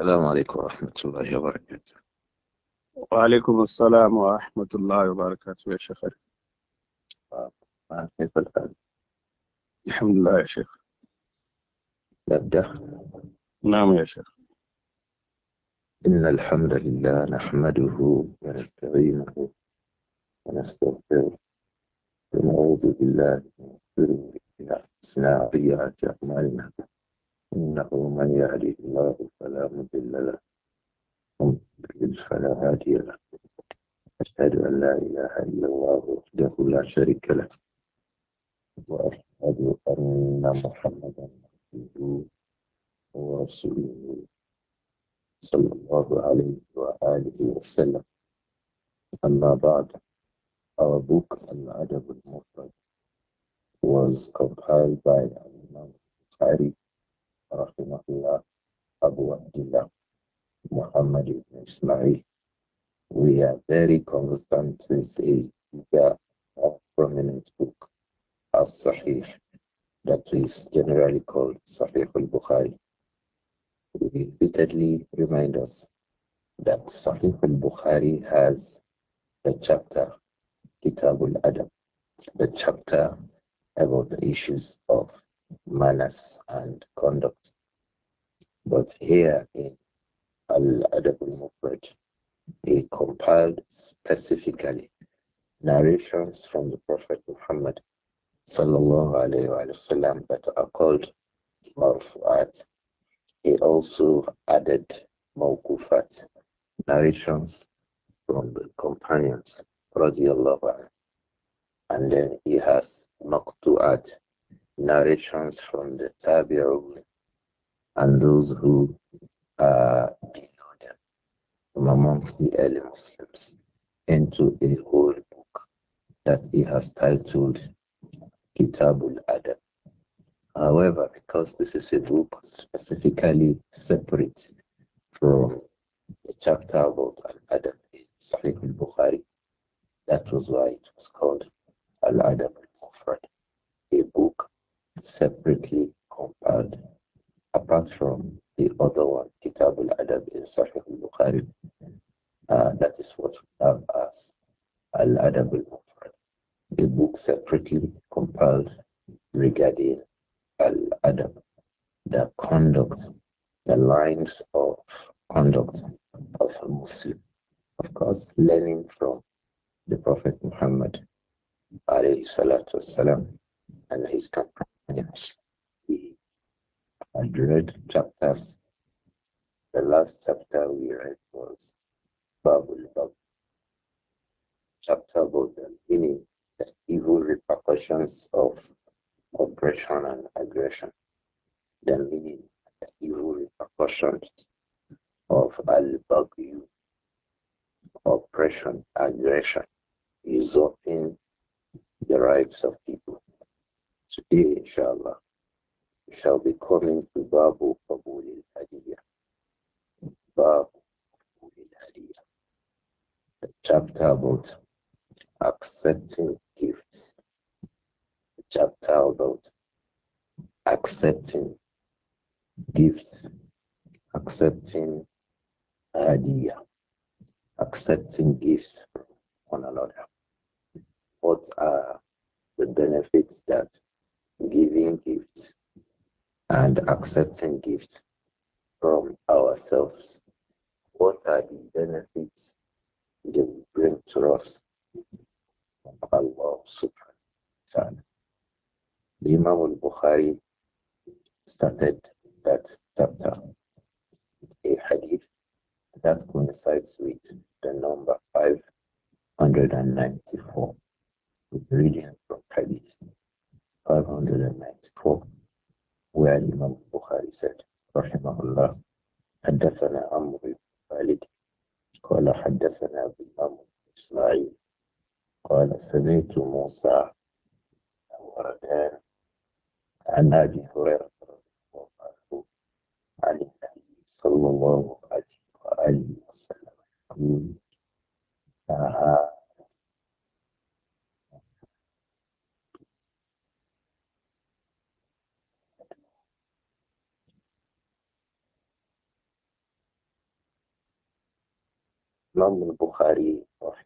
السلام عليكم ورحمة الله وبركاته وعليكم السلام ورحمة الله وبركاته يا شيخ آه، كيف الحال؟ الحمد لله يا شيخ نبدأ نعم يا شيخ إن الحمد لله نحمده ونستعينه ونستغفره ونعوذ بالله من شرور أنفسنا وسيئات أعمالنا إنه من يهدي الله فلا مضل له ومن يضلل فلا هادي له أشهد أن لا إله إلا الله وحده لا شريك له وأشهد أن محمدا عبده ورسوله صلى الله عليه وآله وسلم أما بعد Our book Al-Adab was compiled by Imam Bukhari رحمه Abu Abdullah Muhammad ibn Ismail. We are very concerned with a bigger, more prominent book, as Sahih, that is generally called Sahih al Bukhari. We repeatedly remind us that Sahih al Bukhari has the chapter Kitab al Adab, the chapter about the issues of manners and conduct. But here in Al Adabul Mufrad, he compiled specifically narrations from the Prophet Muhammad sallallahu alayhi wa sallam that are called marfu'at. He also added mawkufat, narrations from the companions radiallahu anhu. And then he has maqtu'at, narrations from the Tabi'un and those who uh, below them from amongst the early Muslims into a whole book that he has titled Kitabul Adab. However, because this is a book specifically separate from the chapter about Al Adab in Sahih al Bukhari, that was why it was called Al Adab separately compiled apart from the other one, Kitab al-Adab in Sahih al-Bukhari. Uh, that is what we have as Al-Adab al-Mufrad, the book separately compiled regarding Al-Adab, the conduct, the lines of conduct of a Muslim. Of course, learning from the Prophet Muhammad alayhi salatu wasalam,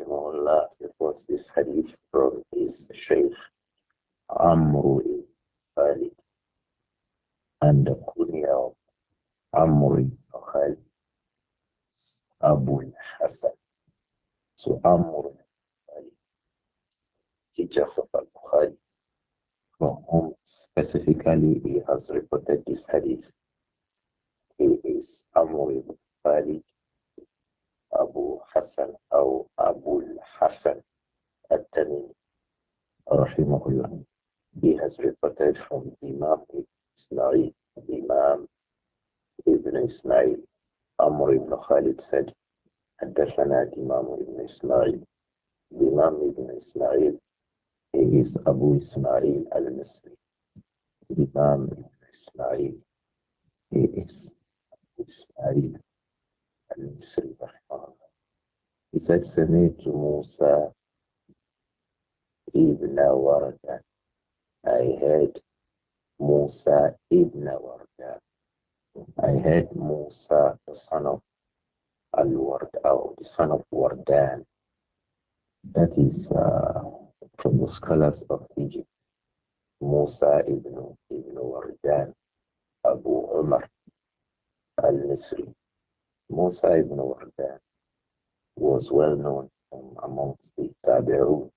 Allah reports this hadith from his Shaykh Amr ibn Khalid. And the kunya of Amr ibn Khalid Abu Hasan. So Amr ibn teachers of Al-Bukhari, from whom specifically he has reported this hadith. He is Amr ibn Khalid أبو حسن أو أبو الحسن التميمي رحمه الله. He has reported from Imam Ismail, Imam Ibn Ismail, Amr ibn Khalid said, حدثنا الإمام ابن إسماعيل الإمام ابن إسماعيل he is أبو إسماعيل المصري الإمام ابن إسماعيل he is أبو إسماعيل المصري رحمه الله he said سمعت موسى Ibn وردان I heard Musa ibn Warda. I heard Musa, the son of Al Warda, the son of Wardan. That is uh, from the scholars of Egypt. Musa ibn, ibn Wardan, Abu Umar al Misri. Musa ibn Wardan was well known um, amongst the Tabi'un.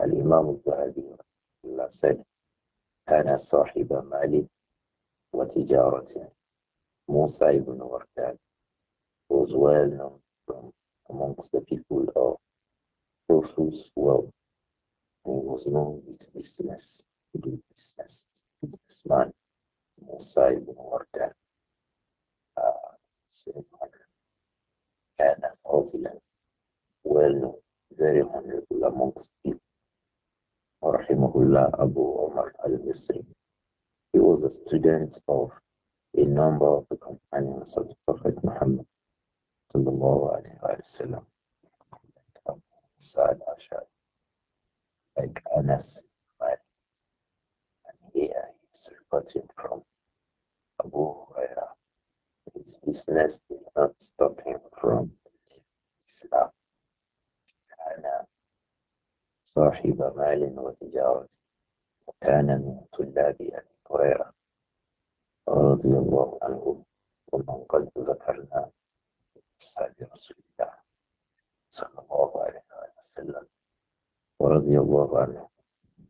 Al-Imam al-Zahabi said, كان صاحب مال وتجارة Musa ibn Wardan was well known from amongst the people of Prophet's world. He was known with business, to do business, businessman, Musa ibn Wardan and confident, well known, very honorable amongst people. Rahimahullah Abu Omar al-Misri. He was a student of a number of the companions of the Prophet Muhammad sallallahu alayhi wa sallam. Um, Sa'ad Ashad, like Anas, right? and here he's reporting from Abu Huraira his business did not stop him from Islam. كان صاحب مال وتجارة وكان من طلاب أبي هريرة رضي الله عنه ومن قد ذكرنا أصحاب رسول الله صلى الله عليه وسلم ورضي الله عنه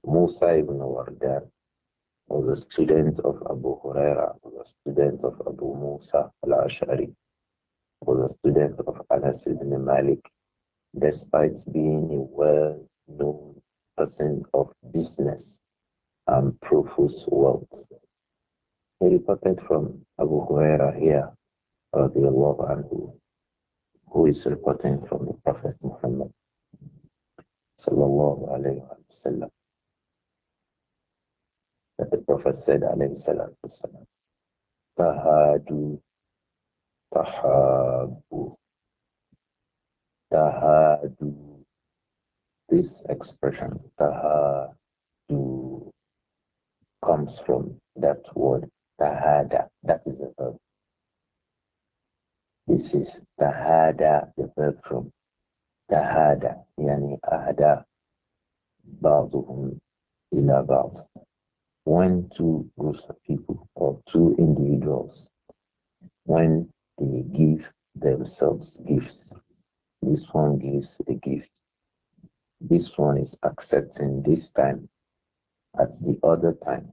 موسى بن وردان was a student of Abu Huraira, was a student of Abu Musa al-Ash'ari, was a student of Anas ibn Malik, despite being a well-known person of business and profuse wealth. He reported from Abu Huraira here, the radiallahu anhu, who is reporting from the Prophet Muhammad sallallahu alayhi wasallam that the Prophet said, alayhi salatu wasalam, tahadu, tahabu, tahadu. This expression, tahadu, comes from that word, tahada. That is a verb. This is tahada, the verb from tahada, yani ahada, بعضهم إلى بعض when two groups of people or two individuals, when they give themselves gifts, this one gives a gift. This one is accepting this time at the other time.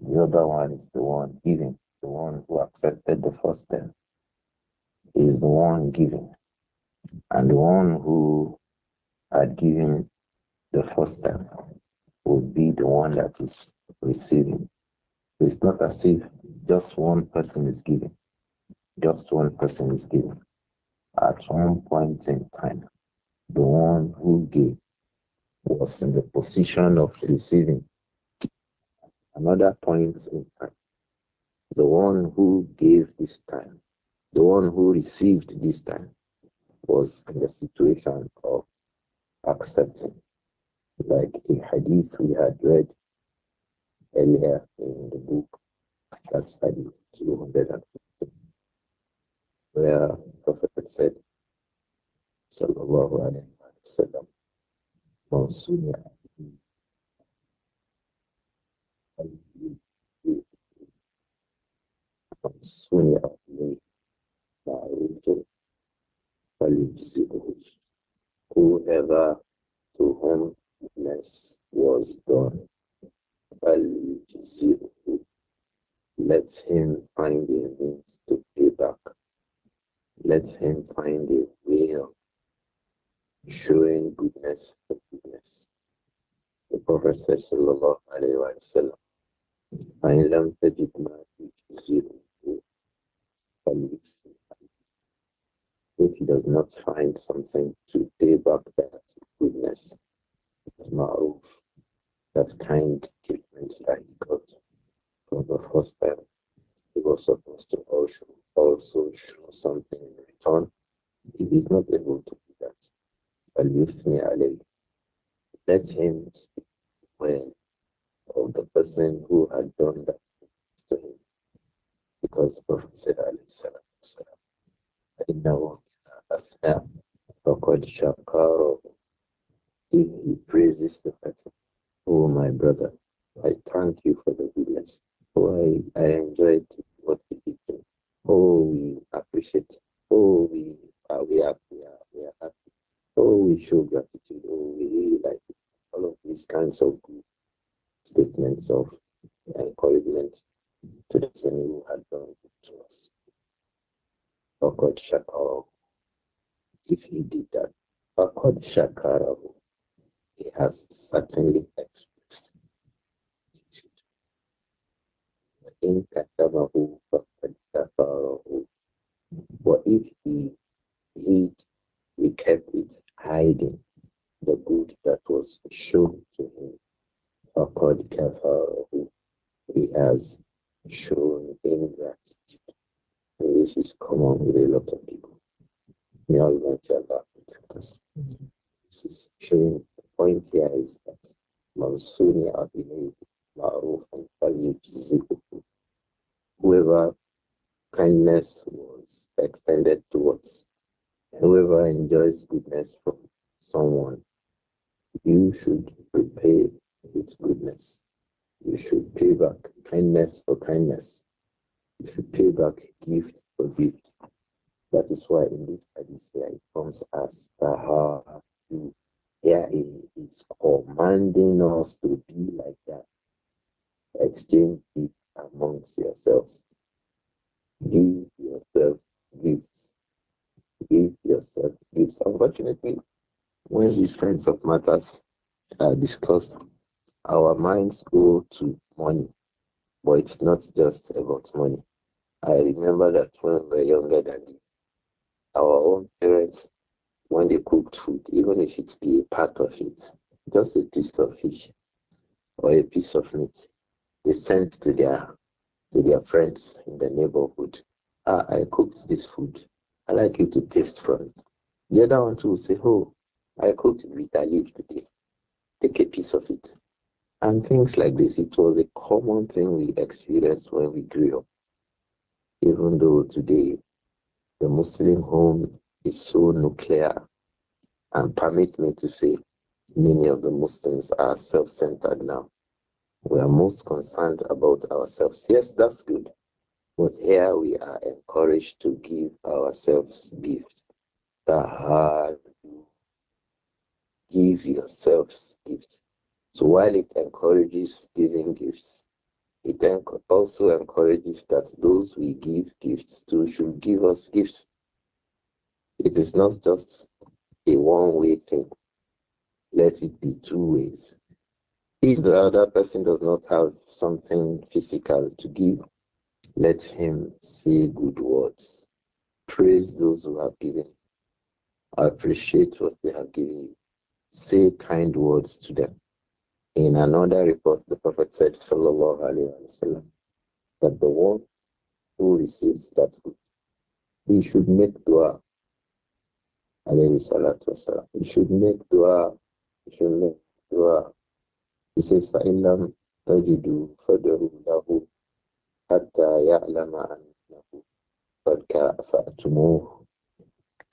The other one is the one giving. The one who accepted the first time is the one giving. And the one who had given the first time would be the one that is receiving. It's not as if just one person is giving. Just one person is giving. At one point in time, the one who gave was in the position of receiving. Another point in time, the one who gave this time, the one who received this time, was in the situation of accepting. Like in hadith we had read earlier in the book, that's Hadith 250, where Prophet said, Sallallahu Alaihi Wasallam, Monsunya Monsunya of whoever to whom this was done let him find a means to pay back. Let him find a way of showing goodness for goodness. The Prophet says, Sallallahu Alaihi Wasallam, فإن لم تجد ما تجزئه فليسر if he does not find something to pay back that goodness, it is ma'ruf, that kind treatment that he got for the first time. He was supposed to also, also show something in return. He is not able to do that. Let him speak well of the person who had done that to him. Because the Prophet said, alayhi salam, salam, أثنى فقد شكره if he praises the person Oh, my brother, I thank you for the goodness. Oh, I, I enjoyed what we did. Oh, we appreciate. Oh, we are, uh, we are, we are, we are happy. Oh, we show gratitude. Oh, we really like it. All of these kinds of good statements of encouragement to the same who had done good to us. God, Shakar. If he did that, God, Shakar he has certainly expressed. in But if he hid, he kept it hiding, the good that was shown to him. فَقَدْ كَفَرَهُ He has shown ingratitude. And this is common with a lot of people. May Almighty Allah protect us. Mm-hmm. This is showing point here is that Mansuni Abinid Ma'ruf and Falyujiziku. Whoever kindness was extended towards, whoever enjoys goodness from someone, you should repay with goodness. You should pay back kindness for kindness. You should pay back gift for gift. That is why in this hadith here it comes as Taha there is commanding us to be like that. Exchange it amongst yourselves. Give yourself gifts. Give yourself gifts. Unfortunately, when these kinds of matters are discussed, our minds go to money. But it's not just about money. I remember that when we were younger than this, our own parents when they cooked food, even if it be a part of it, just a piece of fish or a piece of meat, they sent to their to their friends in the neighborhood. Ah, I cooked this food. I like you to taste from it. The other one too will say, Oh, I cooked with leaf today. Take a piece of it. And things like this. It was a common thing we experienced when we grew up. Even though today the Muslim home is so nuclear. And permit me to say, many of the Muslims are self centered now. We are most concerned about ourselves. Yes, that's good. But here we are encouraged to give ourselves gifts. The give yourselves gifts. So while it encourages giving gifts, it also encourages that those we give gifts to should give us gifts. It is not just a one way thing. Let it be two ways. If the other person does not have something physical to give, let him say good words. Praise those who have given. Appreciate what they have given you. Say kind words to them. In another report, the Prophet said, Sallallahu Alaihi Wasallam, that the one who receives that good, he should make dua alayhi salatu wasalam. You should make dua. You should make dua. He says, فَإِنَّمْ تَجِدُوا فَدْعُوا لَهُ حَتَّى يَعْلَمَ أَنَّهُ قَدْ كَافَأْتُمُوهُ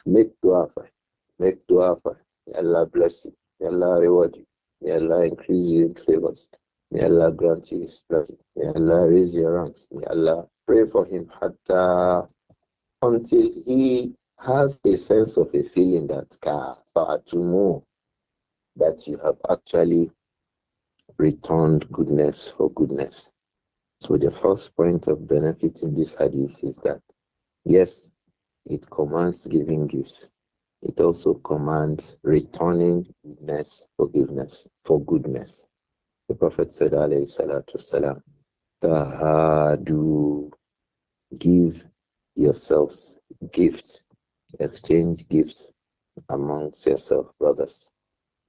Make dua for him. Make dua for him. May Allah bless you. May Allah reward you. May Allah increase you in favors. May Allah grant you his blessing. May Allah raise your ranks. May Allah pray for him hatta until he has a sense of a feeling that ah, far know that you have actually returned goodness for goodness. So the first point of benefit in this hadith is that yes, it commands giving gifts. It also commands returning goodness, forgiveness, for goodness. The Prophet said, alayhi salatu salam, tahadu, give yourselves gifts. Exchange gifts amongst yourselves, brothers.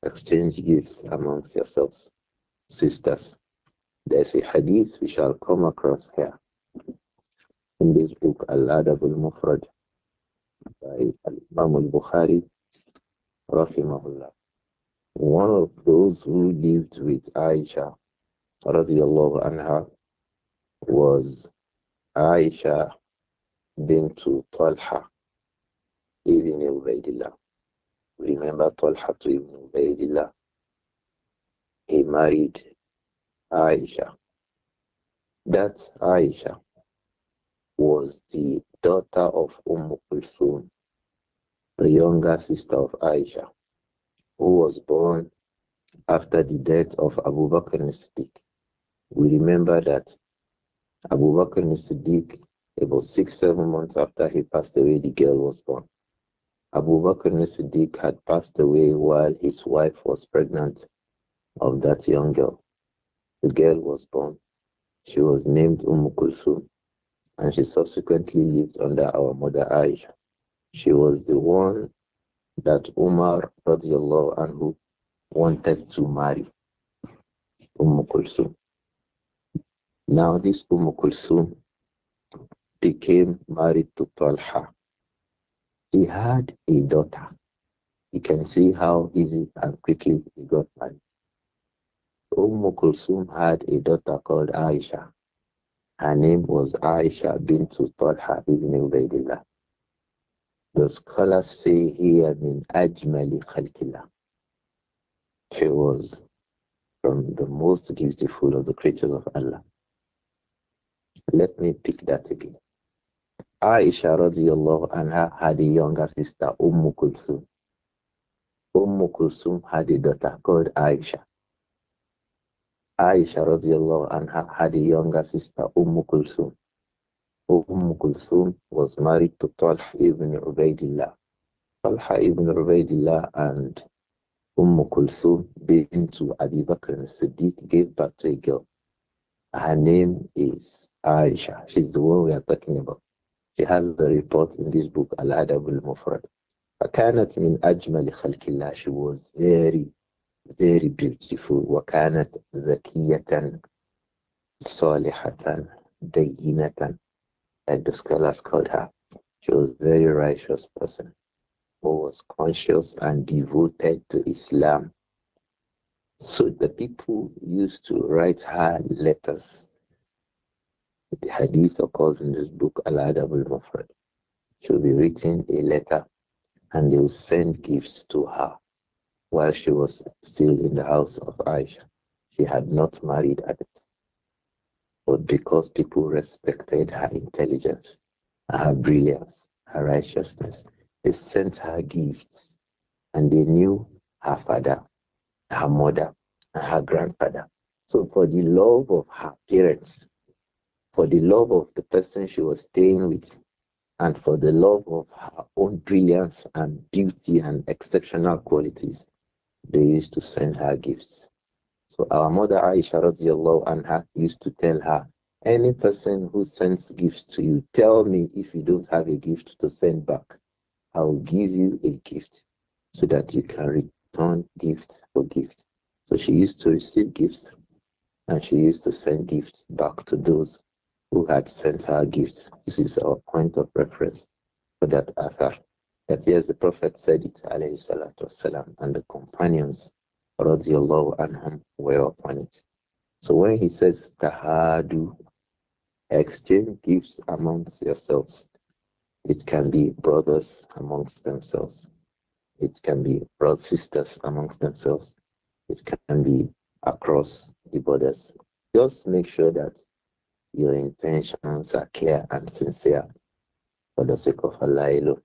Exchange gifts amongst yourselves, sisters. There's a hadith we shall come across here in this book, Al-Adab al-Mufrad, by Imam al-Bukhari, rahimahullah. One of those who lived with Aisha, radiallahu anha, was Aisha bint Talha, Ibn Ubaidillah. Remember Talha Ibn Ubaidillah? He married Aisha. That Aisha was the daughter of Umm Kulthum, the younger sister of Aisha, who was born after the death of Abu Bakr Siddiq. We remember that Abu Bakr Siddiq, about six, seven months after he passed away, the girl was born. Abu Bakr siddiq had passed away while his wife was pregnant of that young girl. The girl was born. She was named Umm Kulsum, and she subsequently lived under our mother Aisha. She was the one that Umar radiallahu anhu wanted to marry, Umm Kulsum. Now this Umm Kulsum became married to Talha. He had a daughter. You can see how easy and quickly he got married. Umm Kulsum had a daughter called Aisha. Her name was Aisha bint Talha ibn Ubaidillah. The scholars say here min Ajmali Khalkillah. She was from the most beautiful of the creatures of Allah. Let me pick that again. Aisha radiallahu anha had a younger sister, Umm Kulsum. Umm Kulsum had a daughter called Aisha. Aisha radiallahu anha had a younger sister, Umm Kulsum. Umm Kulsum was married to Talha ibn Ubaidillah. Talha ibn Ubaidillah and Umm Kulsum being to Abu Bakr Siddiq gave birth to a girl. Her name is Aisha. She's the one we are talking about. She has the report in this book, Al Adab al Mufrad. فكانت من أجمل خلق She was very, very beautiful. وكانت ذكية صالحة دينة. Like the scholars called her. She was a very righteous person who was conscious and devoted to Islam. So the people used to write her letters the hadith occurs in this book, Al Adab al Mufrad. She will be written a letter and they will send gifts to her while she was still in the house of Aisha. She had not married at the time. But because people respected her intelligence, her brilliance, her righteousness, they sent her gifts and they knew her father, her mother, and her grandfather. So, for the love of her parents, for the love of the person she was staying with and for the love of her own brilliance and beauty and exceptional qualities, they used to send her gifts. So our mother Aisha radiallahu anha used to tell her, any person who sends gifts to you, tell me if you don't have a gift to send back. I will give you a gift so that you can return gift for gift. So she used to receive gifts and she used to send gifts back to those who had sent her gifts. This is our point of reference for that author. That yes, the Prophet said it, alayhi salatu wasalam, and the companions, radiallahu anhum, were upon it. So when he says tahadu, exchange gifts amongst yourselves, it can be brothers amongst themselves. It can be brothers, sisters amongst themselves. It can be across the borders. Just make sure that your intentions are clear and sincere for the sake of Allah how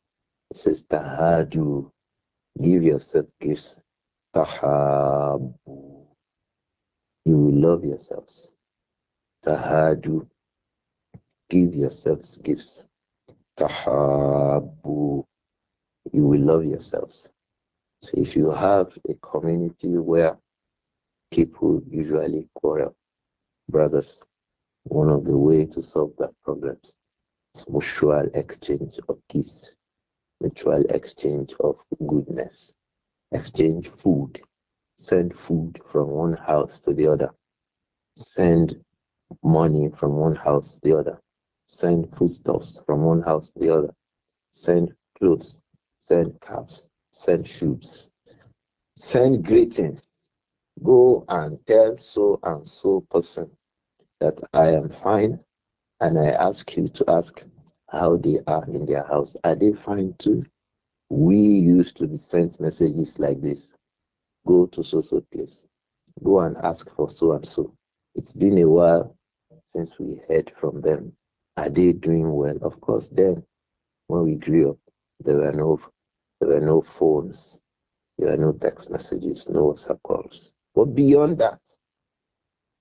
Sister you give yourself gifts. Tahabu. You will love yourselves. Tahadu, give yourselves gifts. Tahabu. You will love yourselves. So if you have a community where people usually quarrel, brothers, one of the way to solve that problems is mutual exchange of gifts, mutual exchange of goodness, exchange food, send food from one house to the other, send money from one house to the other, send foodstuffs from one house to the other, send clothes, send caps, send shoes, send greetings. Go and tell so and so person that I am fine, and I ask you to ask how they are in their house. Are they fine too? We used to be sent messages like this go to so so place, go and ask for so and so. It's been a while since we heard from them. Are they doing well? Of course, then when we grew up, there were no there were no phones, there were no text messages, no WhatsApp calls. But beyond that,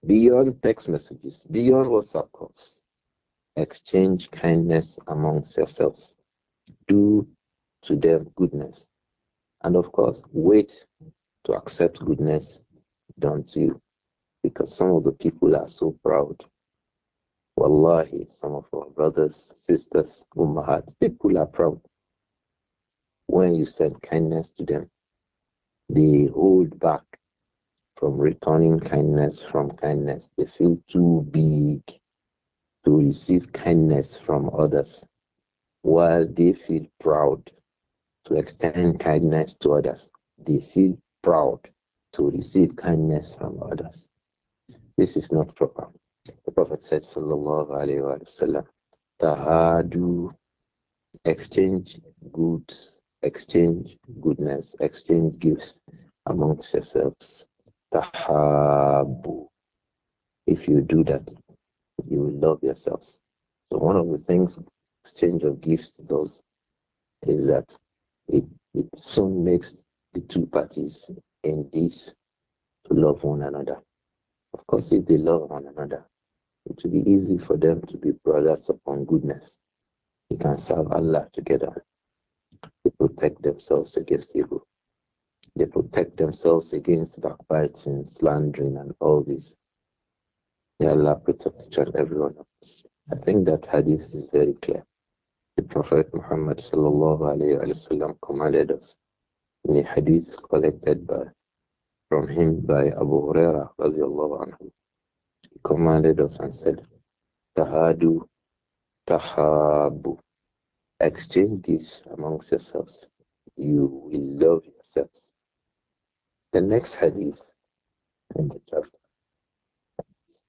beyond text messages, beyond WhatsApp calls. Exchange kindness amongst yourselves. Do to them goodness. And of course, wait to accept goodness done to you. Because some of the people are so proud. Wallahi, some of our brothers, sisters, ummahat, people are proud. When you send kindness to them, they hold back from returning kindness from kindness. They feel too big to receive kindness from others, while they feel proud to extend kindness to others. They feel proud to receive kindness from others. This is not proper. The Prophet said, Sallallahu Alaihi Wasallam, Tahadu, exchange goods, exchange goodness, exchange gifts amongst yourselves tahabu. If you do that, you will love yourselves. So one of the things exchange of gifts does is that it, it soon makes the two parties in this to love one another. Of course, if they love one another, it will be easy for them to be brothers upon goodness. They can serve Allah together. They protect themselves against evil. They protect themselves against backbiting, slandering, and all this. May Allah protect each and every one of us. I think that hadith is very clear. The Prophet Muhammad وسلم, commanded us in a hadith collected by, from him by Abu Huraira. Anhu. He commanded us and said, Tahadu tahabu. Exchange gifts amongst yourselves. You will love yourselves. The next hadith in the chapter,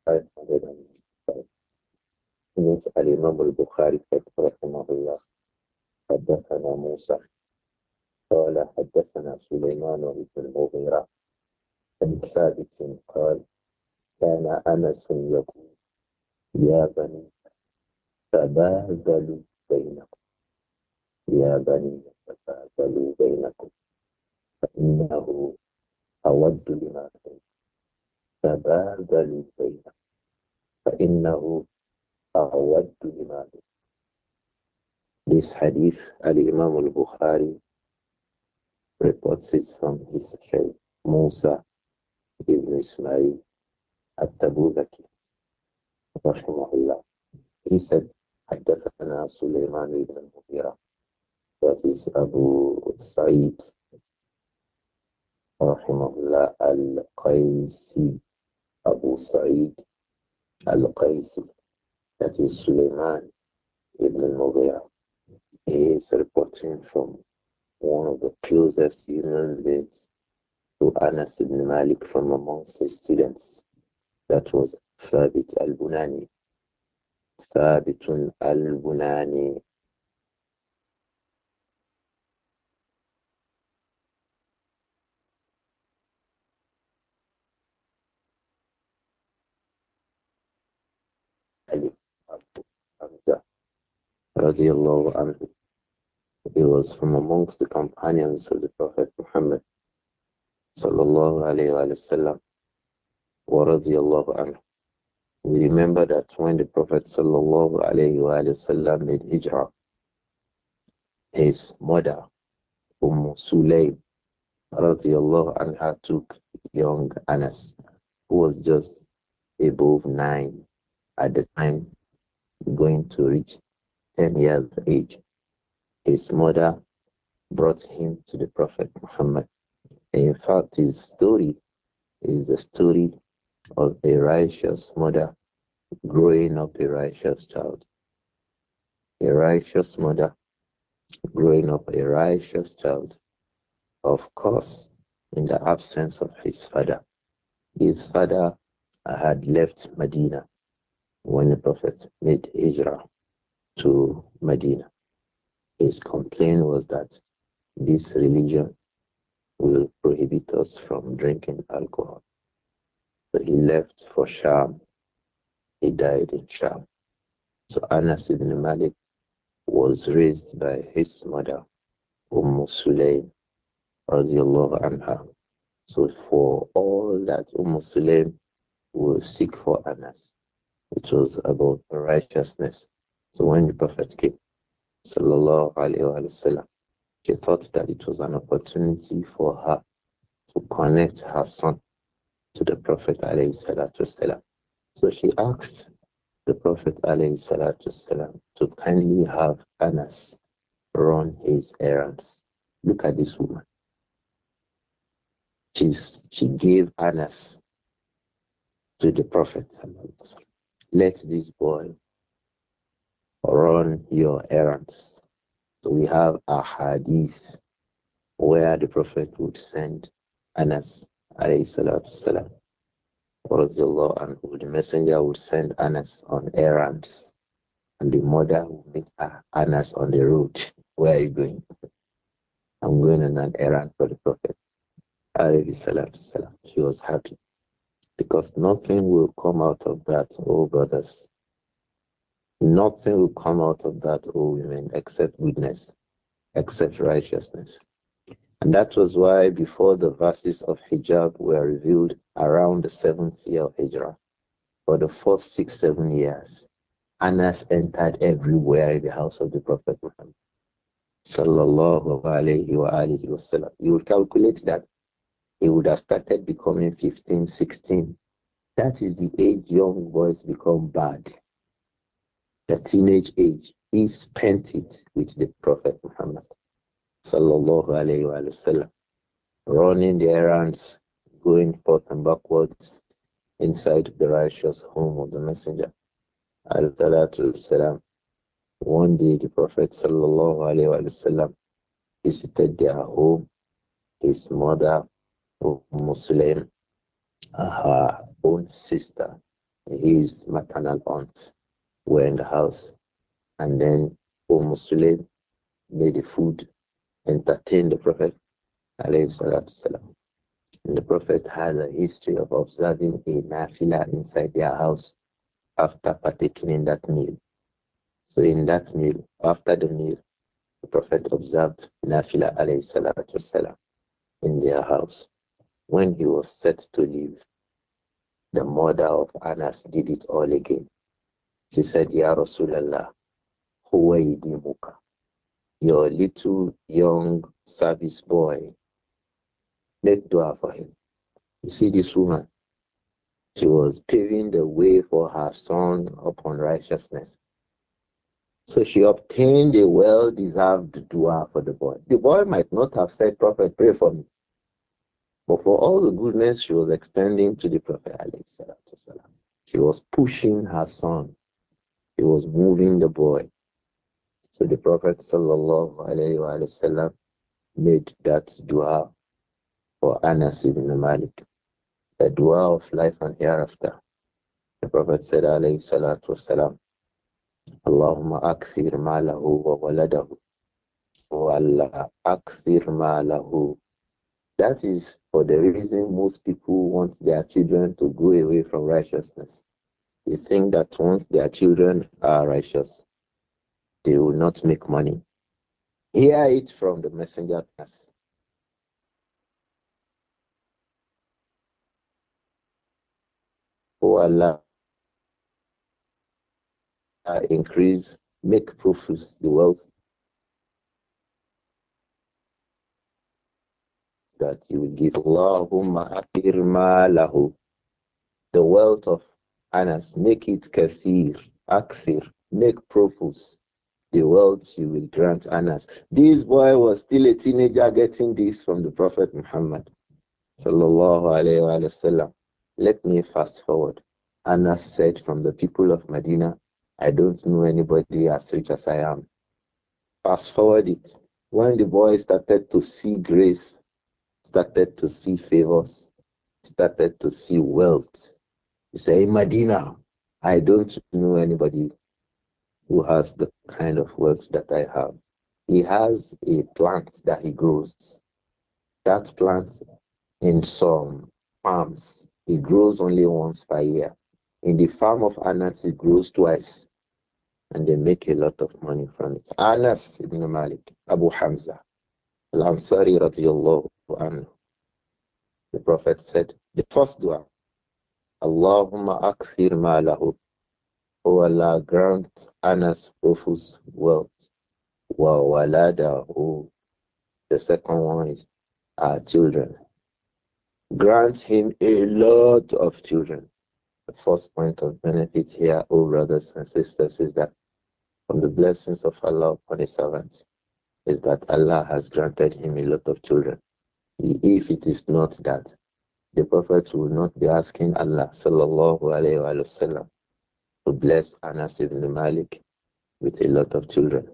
505, means Al-Imam al-Bukhari رحمه الله حدثنا موسى قال حدثنا سليمان بن المغيرة عن ثابت قال كان أنس يقول يا بني تبادلوا بينكم يا بني تبادلوا بينكم فإنه أود لما فيه فبادلوا بينه فإنه أود لما فيه This hadith, Al-Imam al-Bukhari reports it from his Shaykh Musa ibn Ismail at-Tabuzaki rahimahullah. He said, حدثنا سليمان ibn المغيرة that is Abu Sa'id رحمه الله القيسي أبو سعيد القيسي that is Suleiman ibn al he is reporting from one of the closest human beings to Anas ibn Malik from amongst his students that was Thabit al-Bunani Thabit al-Bunani radiallahu anhu. He was from amongst the companions of the Prophet Muhammad sallallahu alayhi wa sallam wa radiallahu anhu. We remember that when the Prophet sallallahu alayhi wa sallam made hijrah, his mother, Umm Sulaym, radiallahu anha took young Anas, who was just above nine at the time, going to reach 10 years of age, his mother brought him to the Prophet Muhammad. In fact, his story is the story of a righteous mother growing up a righteous child. A righteous mother growing up a righteous child. Of course, in the absence of his father. His father had left Medina when the Prophet made Hijrah to Medina. His complaint was that this religion will prohibit us from drinking alcohol. So he left for Sham. He died in Sham. So Anas ibn Malik was raised by his mother, Umm Sulaym, radiallahu anha. So for all that Umm Sulaym will seek for Anas, it was about righteousness. So when the Prophet came, sallallahu she thought that it was an opportunity for her to connect her son to the Prophet So she asked the Prophet alayhi to kindly have Anas run his errands. Look at this woman. She's, she gave Anas to the Prophet. Let this boy run your errands. So we have a hadith where the Prophet would send Anas salam, salatu salam. The messenger would send Anas on errands, and the mother would meet Anas on the road. Where are you going? I'm going on an errand for the Prophet. Alayhi salam. She was happy because nothing will come out of that, oh brothers, Nothing will come out of that, O women, except goodness, except righteousness. And that was why before the verses of hijab were revealed around the seventh year of Hijrah, for the first six, seven years, Anas entered everywhere in the house of the Prophet Muhammad. Sallallahu alayhi wa alihi wasallam. You would calculate that he would have started becoming 15, 16. That is the age young boys become bad the teenage age, he spent it with the Prophet Muhammad sallallahu alaihi wa, alayhi running the errands, going forth and backwards inside the righteous home of the Messenger. al One day the Prophet sallallahu alayhi wasallam visited their home, his mother, umm Muslim, her own sister, his maternal aunt were in the house. And then Umm Sulaim made the food, entertained the Prophet. And the Prophet had a history of observing a nafila inside their house after partaking in that meal. So in that meal, after the meal, the Prophet observed Nafila alayhi in their house. When he was set to leave, the mother of Anas did it all again. She said, Ya Rasulallah, Huwa Muka, your little young service boy, make dua for him. You see this woman, she was paving the way for her son upon righteousness. So she obtained a well deserved dua for the boy. The boy might not have said, Prophet, pray for me. But for all the goodness she was extending to the Prophet, she was pushing her son he was moving the boy. So the Prophet وسلم, made that dua for Anas ibn Malik, the dua of life and hereafter. The Prophet said, alayhi salatu wasalam, Allahumma akthir malahu wa waladahu. Oh Allah, akthir malahu. That is for the reason most people want their children to go away from righteousness. They think that once their children are righteous, they will not make money. Hear it from the messenger class. Oh Allah, uh, increase, make profits the wealth that you will give. Allahumma akir lahu. The wealth of Anas, make it kathir, akthir, make propose the world you will grant Anas. This boy was still a teenager getting this from the Prophet Muhammad. Sallallahu Let me fast forward. Anas said from the people of Medina, I don't know anybody as rich as I am. Fast forward it. When the boy started to see grace, started to see favors, started to see wealth, he said, In Medina, I don't know anybody who has the kind of works that I have. He has a plant that he grows. That plant in some farms, it grows only once per year. In the farm of Anas, it grows twice. And they make a lot of money from it. Anas ibn Malik, Abu Hamza, Al Ansari radiallahu anhu. The Prophet said, the first dua Allahumma akfir ma'lahu. O Allah, grant Anas rufus wealth. Wa waladahu. The second one is our children. Grant him a lot of children. The first point of benefit here, O brothers and sisters, is that from the blessings of Allah upon his servant is that Allah has granted him a lot of children. If it is not that, the Prophet will not be asking Allah sallallahu alayhi wa sallam to bless Anas ibn Malik with a lot of children.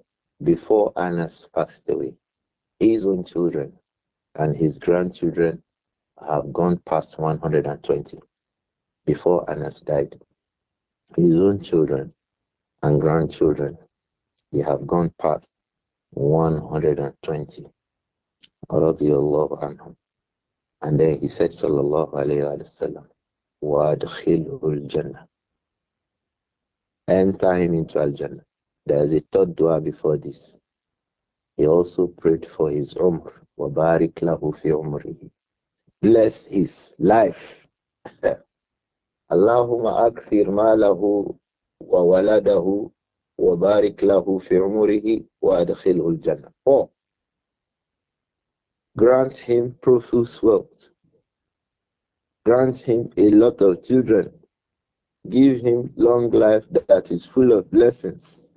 Before Anas passed away, his own children and his grandchildren have gone past 120 before Anas died. His own children and grandchildren, they have gone past 120. رضي الله عنهم and then he said, Sallallahu Alaihi Wasallam, wa Wadkhilul Jannah. Enter him into Al Jannah. There is a third dua before this. He also prayed for his umr. Wabarik lahu fi umrihi. Bless his life. Allahumma ma malahu wa waladahu wabarik lahu fi umrihi wa adkhilhu al-jannah. Oh grant him profuse wealth, grant him a lot of children, give him long life that is full of blessings.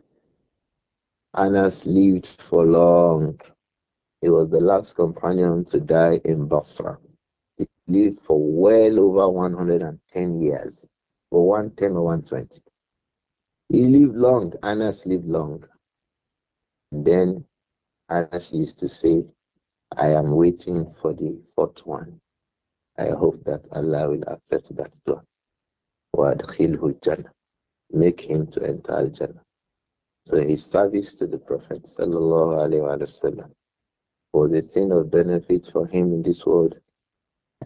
Anas lived for long. He was the last companion to die in Basra. He lived for well over 110 years, for 110 or 120. He lived long. Anas lived long. And then Anas used to say, I am waiting for the fourth one. I hope that Allah will accept that dua. وَأَدْخِلْهُ Jannah. Make him to enter Al-Jannah. So his service to the Prophet wasallam was a thing of benefit for him in this world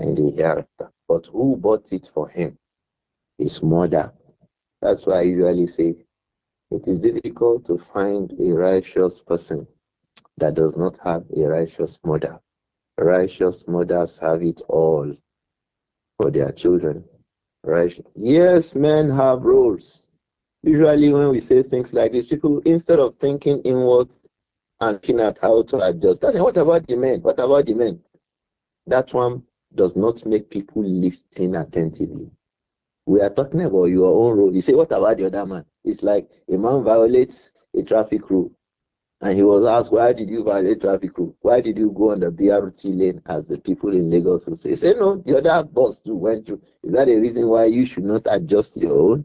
and the hereafter. But who bought it for him? His mother. That's why I usually say it is difficult to find a righteous person that does not have a righteous mother. Righteous mothers have it all for their children. Right? Yes, men have roles. Usually, when we say things like this, people, instead of thinking inward and looking at how to adjust, what about the men? What about the men? That one does not make people listen attentively. We are talking about your own role. You say, what about the other man? It's like a man violates a traffic rule. And he was asked, why did you violate traffic rule? Why did you go on the BRT lane as the people in Lagos will say? He said, no, the other bus too went through. Is that a reason why you should not adjust your own?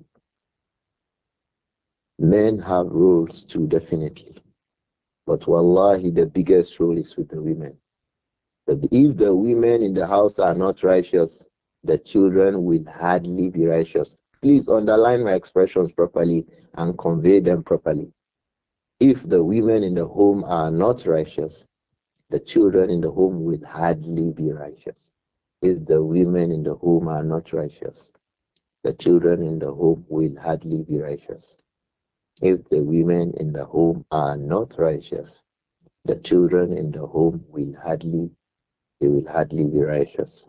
Men have rules too, definitely. But wallahi, the biggest rule is with the women. If the women in the house are not righteous, the children will hardly be righteous. Please underline my expressions properly and convey them properly. If the women in the home are not righteous, the children in the home will hardly be righteous. If the women in the home are not righteous, the children in the home will hardly be righteous. If the women in the home are not righteous, the children in the home will hardly they will hardly be righteous.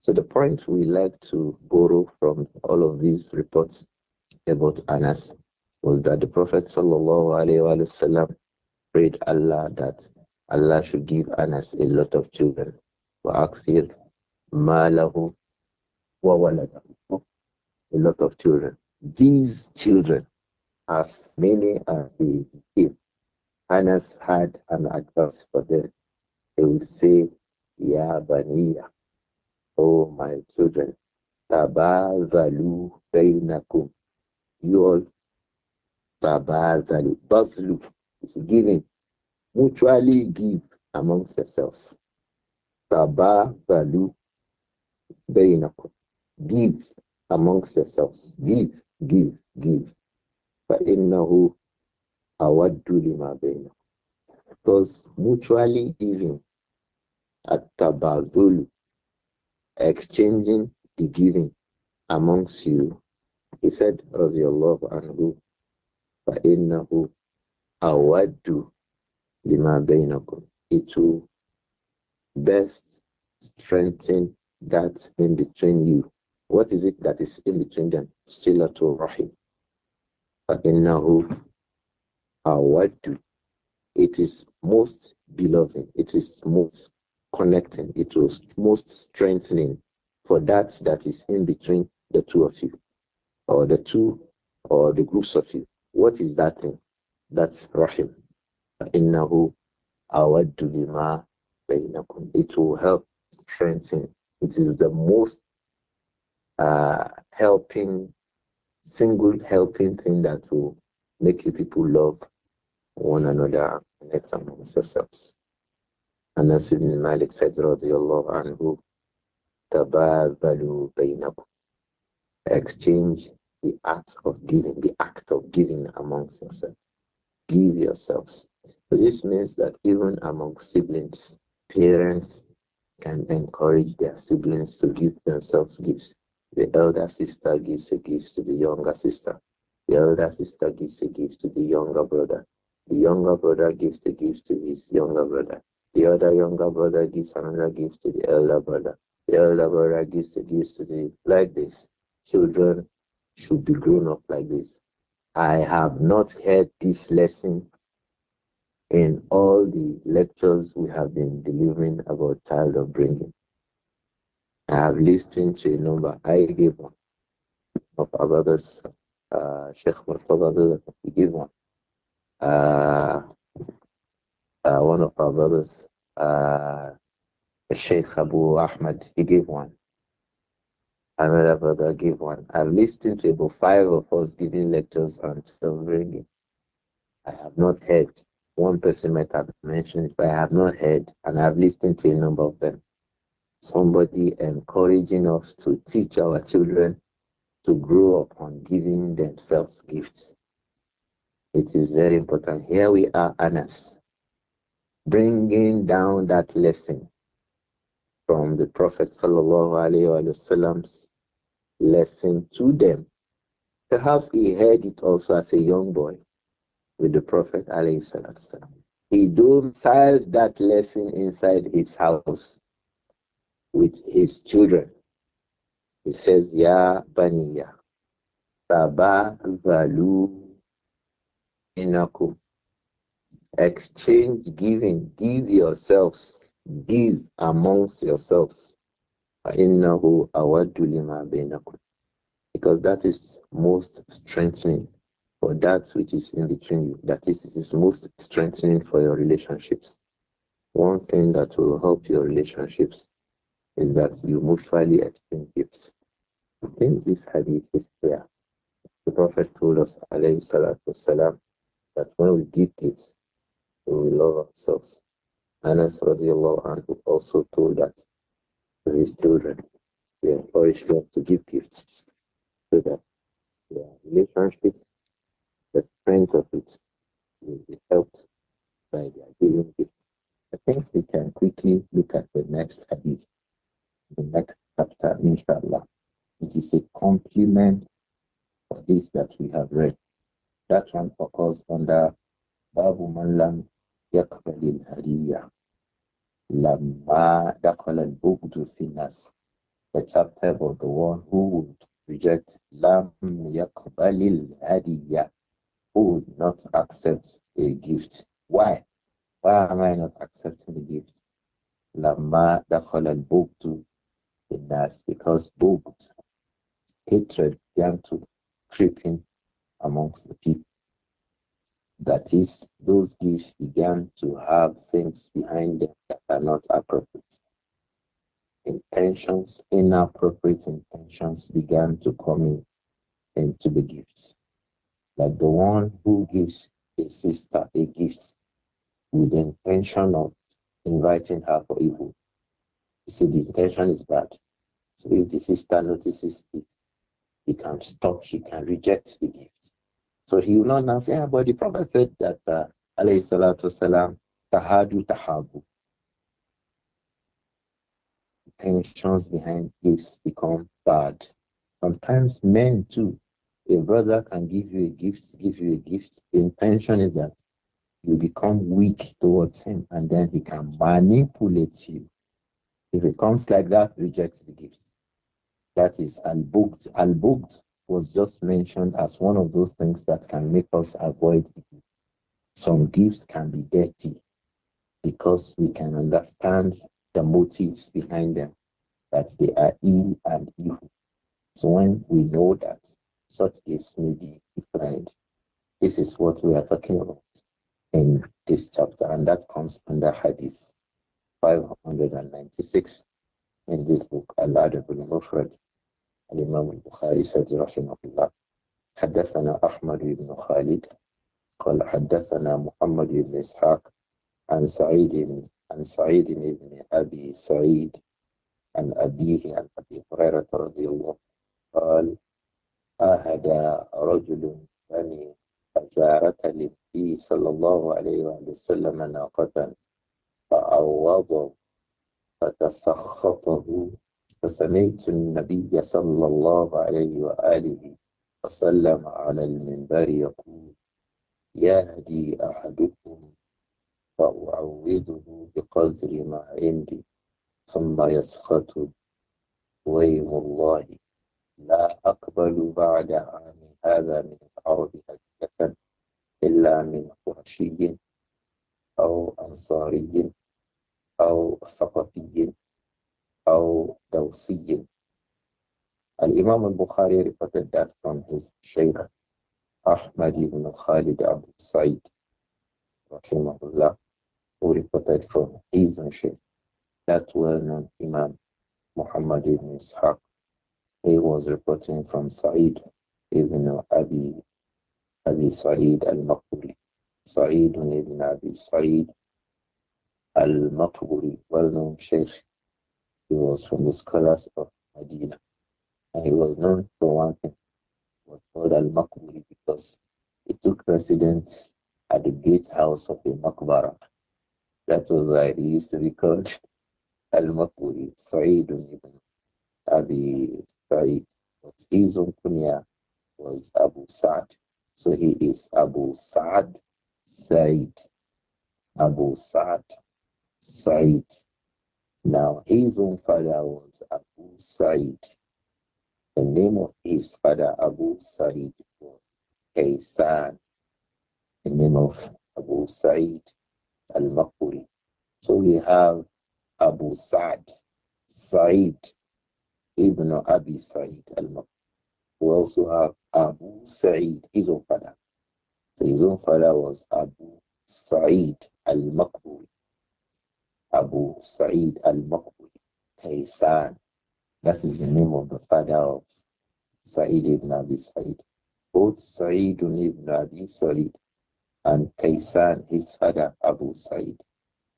So the point we like to borrow from all of these reports about Anas was that the Prophet وسلم, prayed Allah that Allah should give Anas a lot of children. وَأَكْثِرْ wa وَوَلَدَهُ A lot of children. These children, as many as he gave, Anas had an advice for them. He would say, Ya Baniya, oh my children, Tabazalu Bainakum. You all Tabadhalu. Bazlu is giving. Mutually give amongst yourselves. Tabadhalu bayinakum. Give amongst yourselves. Give, give, give. فَإِنَّهُ أَوَدُّ لِمَا بَيْنَكُمْ Because mutually giving at valu exchanging the giving amongst you. He said, and anhu, فَإِنَّهُ أَوَدُّ لِمَا بَيْنَكُمْ It will best strengthen that in between you. What is it that is in between them? Silatul Rahim. فَإِنَّهُ أَوَدُّ It is most beloved. It is most connecting. It was most strengthening for that that is in between the two of you, or the two, or the groups of you. What is that thing? That's Rahim. Innahu awaddu lima bainakum. It will help strengthen. It is the most uh, helping, single helping thing that will make you people love one another and help amongst yourselves. Anas ibn Malik said, radiyallahu anhu, tabathalu bainakum. Exchange the act of giving, the act of giving amongst yourselves. Give yourselves. So this means that even among siblings, parents can encourage their siblings to give themselves gifts. The elder sister gives a gift to the younger sister. The elder sister gives a gift to the younger brother. The younger brother gives the gift to his younger brother. The other younger brother gives another gift to the elder brother. The elder brother gives the gift to the like this. Children should be grown up like this. I have not heard this lesson in all the lectures we have been delivering about child upbringing. I have listened to a number. I gave one of our brothers, uh, Sheikh Murtaba, he gave one. Uh, uh, one of our brothers, uh, Sheikh Abu Ahmad, he gave one. Another brother gave one. I've listened to about five of us giving lectures on children I have not heard. One person might have mentioned it, but I have not heard, and I've listened to a number of them. Somebody encouraging us to teach our children to grow up on giving themselves gifts. It is very important. Here we are, Anas, bringing down that lesson from the Prophet sallallahu alaihi wasallam's lesson to them. Perhaps he heard it also as a young boy with the Prophet. He domiciled that lesson inside his house with his children. He says, Ya Baniya, Baba Valu Inakum. Exchange giving, give yourselves, give amongst yourselves. فَإِنَّهُ أَوَدُّ لِمَا بَيْنَكُمْ Because that is most strengthening for that which is in between you. That is, it is most strengthening for your relationships. One thing that will help your relationships is that you mutually exchange gifts. I think this hadith is clear. The Prophet told us, alayhi that when we give gifts, we will love ourselves. Anas radiallahu anhu also told that to his children. We encourage them to give gifts so that their relationship, the strength of it, will be helped by their giving gifts. I think we can quickly look at the next hadith, the next chapter, inshallah. It is a complement for this that we have read. That one occurs under Babu Manlam Yakbalin Hadiya. Lama Dakolal Bugdu the chapter about the one who would reject Lam Yakbalil Hadiyah, who would not accept a gift. Why? Why am I not accepting the gift? Lama Dakolal Bugdu Finas, because hatred began to creep in amongst the people. That is, those gifts began to have things behind them that are not appropriate. Intentions, inappropriate intentions began to come in into the gifts. Like the one who gives a sister a gift with the intention of inviting her for evil. You see, the intention is bad. So if the sister notices it, he can stop, she can reject the gift. So he will not now say, ah, but the Prophet said that, uh, alayhi salatu wasalam, tahadu tahabu. Intentions behind gifts become bad. Sometimes men too. A brother can give you a gift, give you a gift. The intention is that you become weak towards him and then he can manipulate you. If it comes like that, reject the gift. That is al-bugt was just mentioned as one of those things that can make us avoid Some gifts can be dirty because we can understand the motives behind them, that they are ill and evil. So when we know that such gifts may be declined, this is what we are talking about in this chapter, and that comes under Hadith 596 in this book, Allah Mufrad. الإمام البخاري said رحمه الله حدثنا أحمد بن خالد قال حدثنا محمد بن إسحاق عن سعيد عن سعيد بن أبي سعيد عن أبيه عن أبي هريرة رضي الله قال أهدى رجل بني فزارة للنبي صلى الله عليه وسلم ناقة فأوضه فتسخطه فسمعت النبي صلى الله عليه وآله وسلم على المنبر يقول يهدي أحدكم فأعوذه بقدر ما عندي ثم يسخط ويم الله لا أقبل بعد عام هذا من الأرض هدية إلا من قرشي أو أنصاري أو ثقفي أو دوسي Imam Bukhari reported that from his Shaykh Ahmad ibn Khalid Abu Sa'id rahimahullah who reported from his Shaykh that well-known Imam Muhammad ibn Ishaq he was reporting from Sa'id ibn Abi Abi Sa'id al-Maqburi Sa'id ibn Abi Sa'id al-Maqburi well-known Shaykh he was from the scholars of Medina. And he was known for one thing. He was called Al Makburi because he took residence at the gatehouse of the Makbara. That was why he used to be called Al Makburi, Sa'id ibn Abi Sa'id. But his own kunya was Abu Sa'd. So he is Abu Sa'd Sa'id. Abu Sa'd Sa'id. Now, his own father was Abu Sa'id. The name of his father, Abu Sa'id, was Kaysan. The name of Abu Sa'id al Makuri. So we have Abu Sa'd, Sa'id, Ibn Abi Sa'id al Makuri. We also have Abu Sa'id, his own father. So his own father was Abu Sa'id al Makuri. Abu Sa'id al-Maqbul Kaysan. That is the name of the father of Sa'id ibn Abi Sa'id. Both Sa'id ibn Abi Sa'id and Kaysan, his father Abu Sa'id,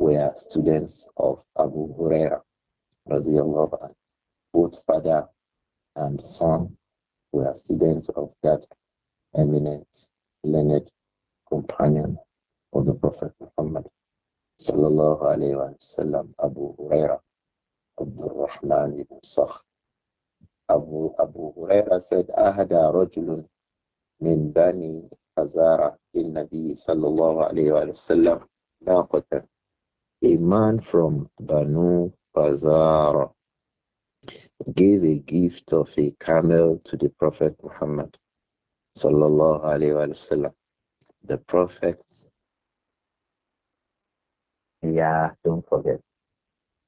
were students of Abu Huraira. Both father and son were students of that eminent learned companion of the Prophet Muhammad sallallahu alayhi wa sallam, Abu Huraira, Abdul Rahman ibn Sakh. Abu, Abu Huraira said, Ahada rajulun min bani Hazara in Nabi sallallahu alayhi wa sallam, A man from Banu Hazara gave a gift of a camel to the Prophet Muhammad sallallahu alayhi wa sallam. The Prophet yeah, don't forget.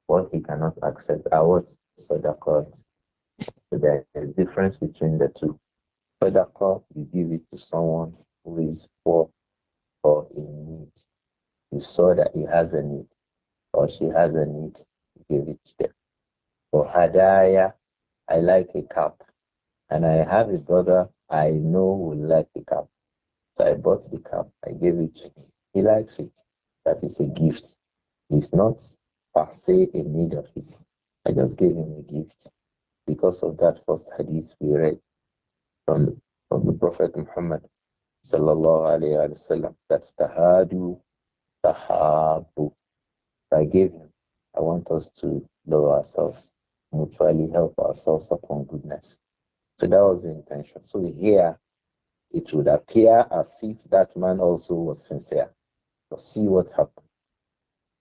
What he cannot accept are what sadaqah. So there is a difference between the two. Sadaqah, you give it to someone who is poor or in need. You saw that he has a need or she has a need, you give it to them. For hadaya, I like a cup. And I have a brother I know will like the cup. So I bought the cup. I gave it to him. He likes it. That is a gift. He's not per se in need of it. I just gave him a gift because of that first hadith we read from, from the Prophet Muhammad sallallahu alayhi wa sallam that tahadu tahabu. I gave him. I want us to love ourselves, mutually help ourselves upon goodness. So that was the intention. So here it would appear as if that man also was sincere. So see what happened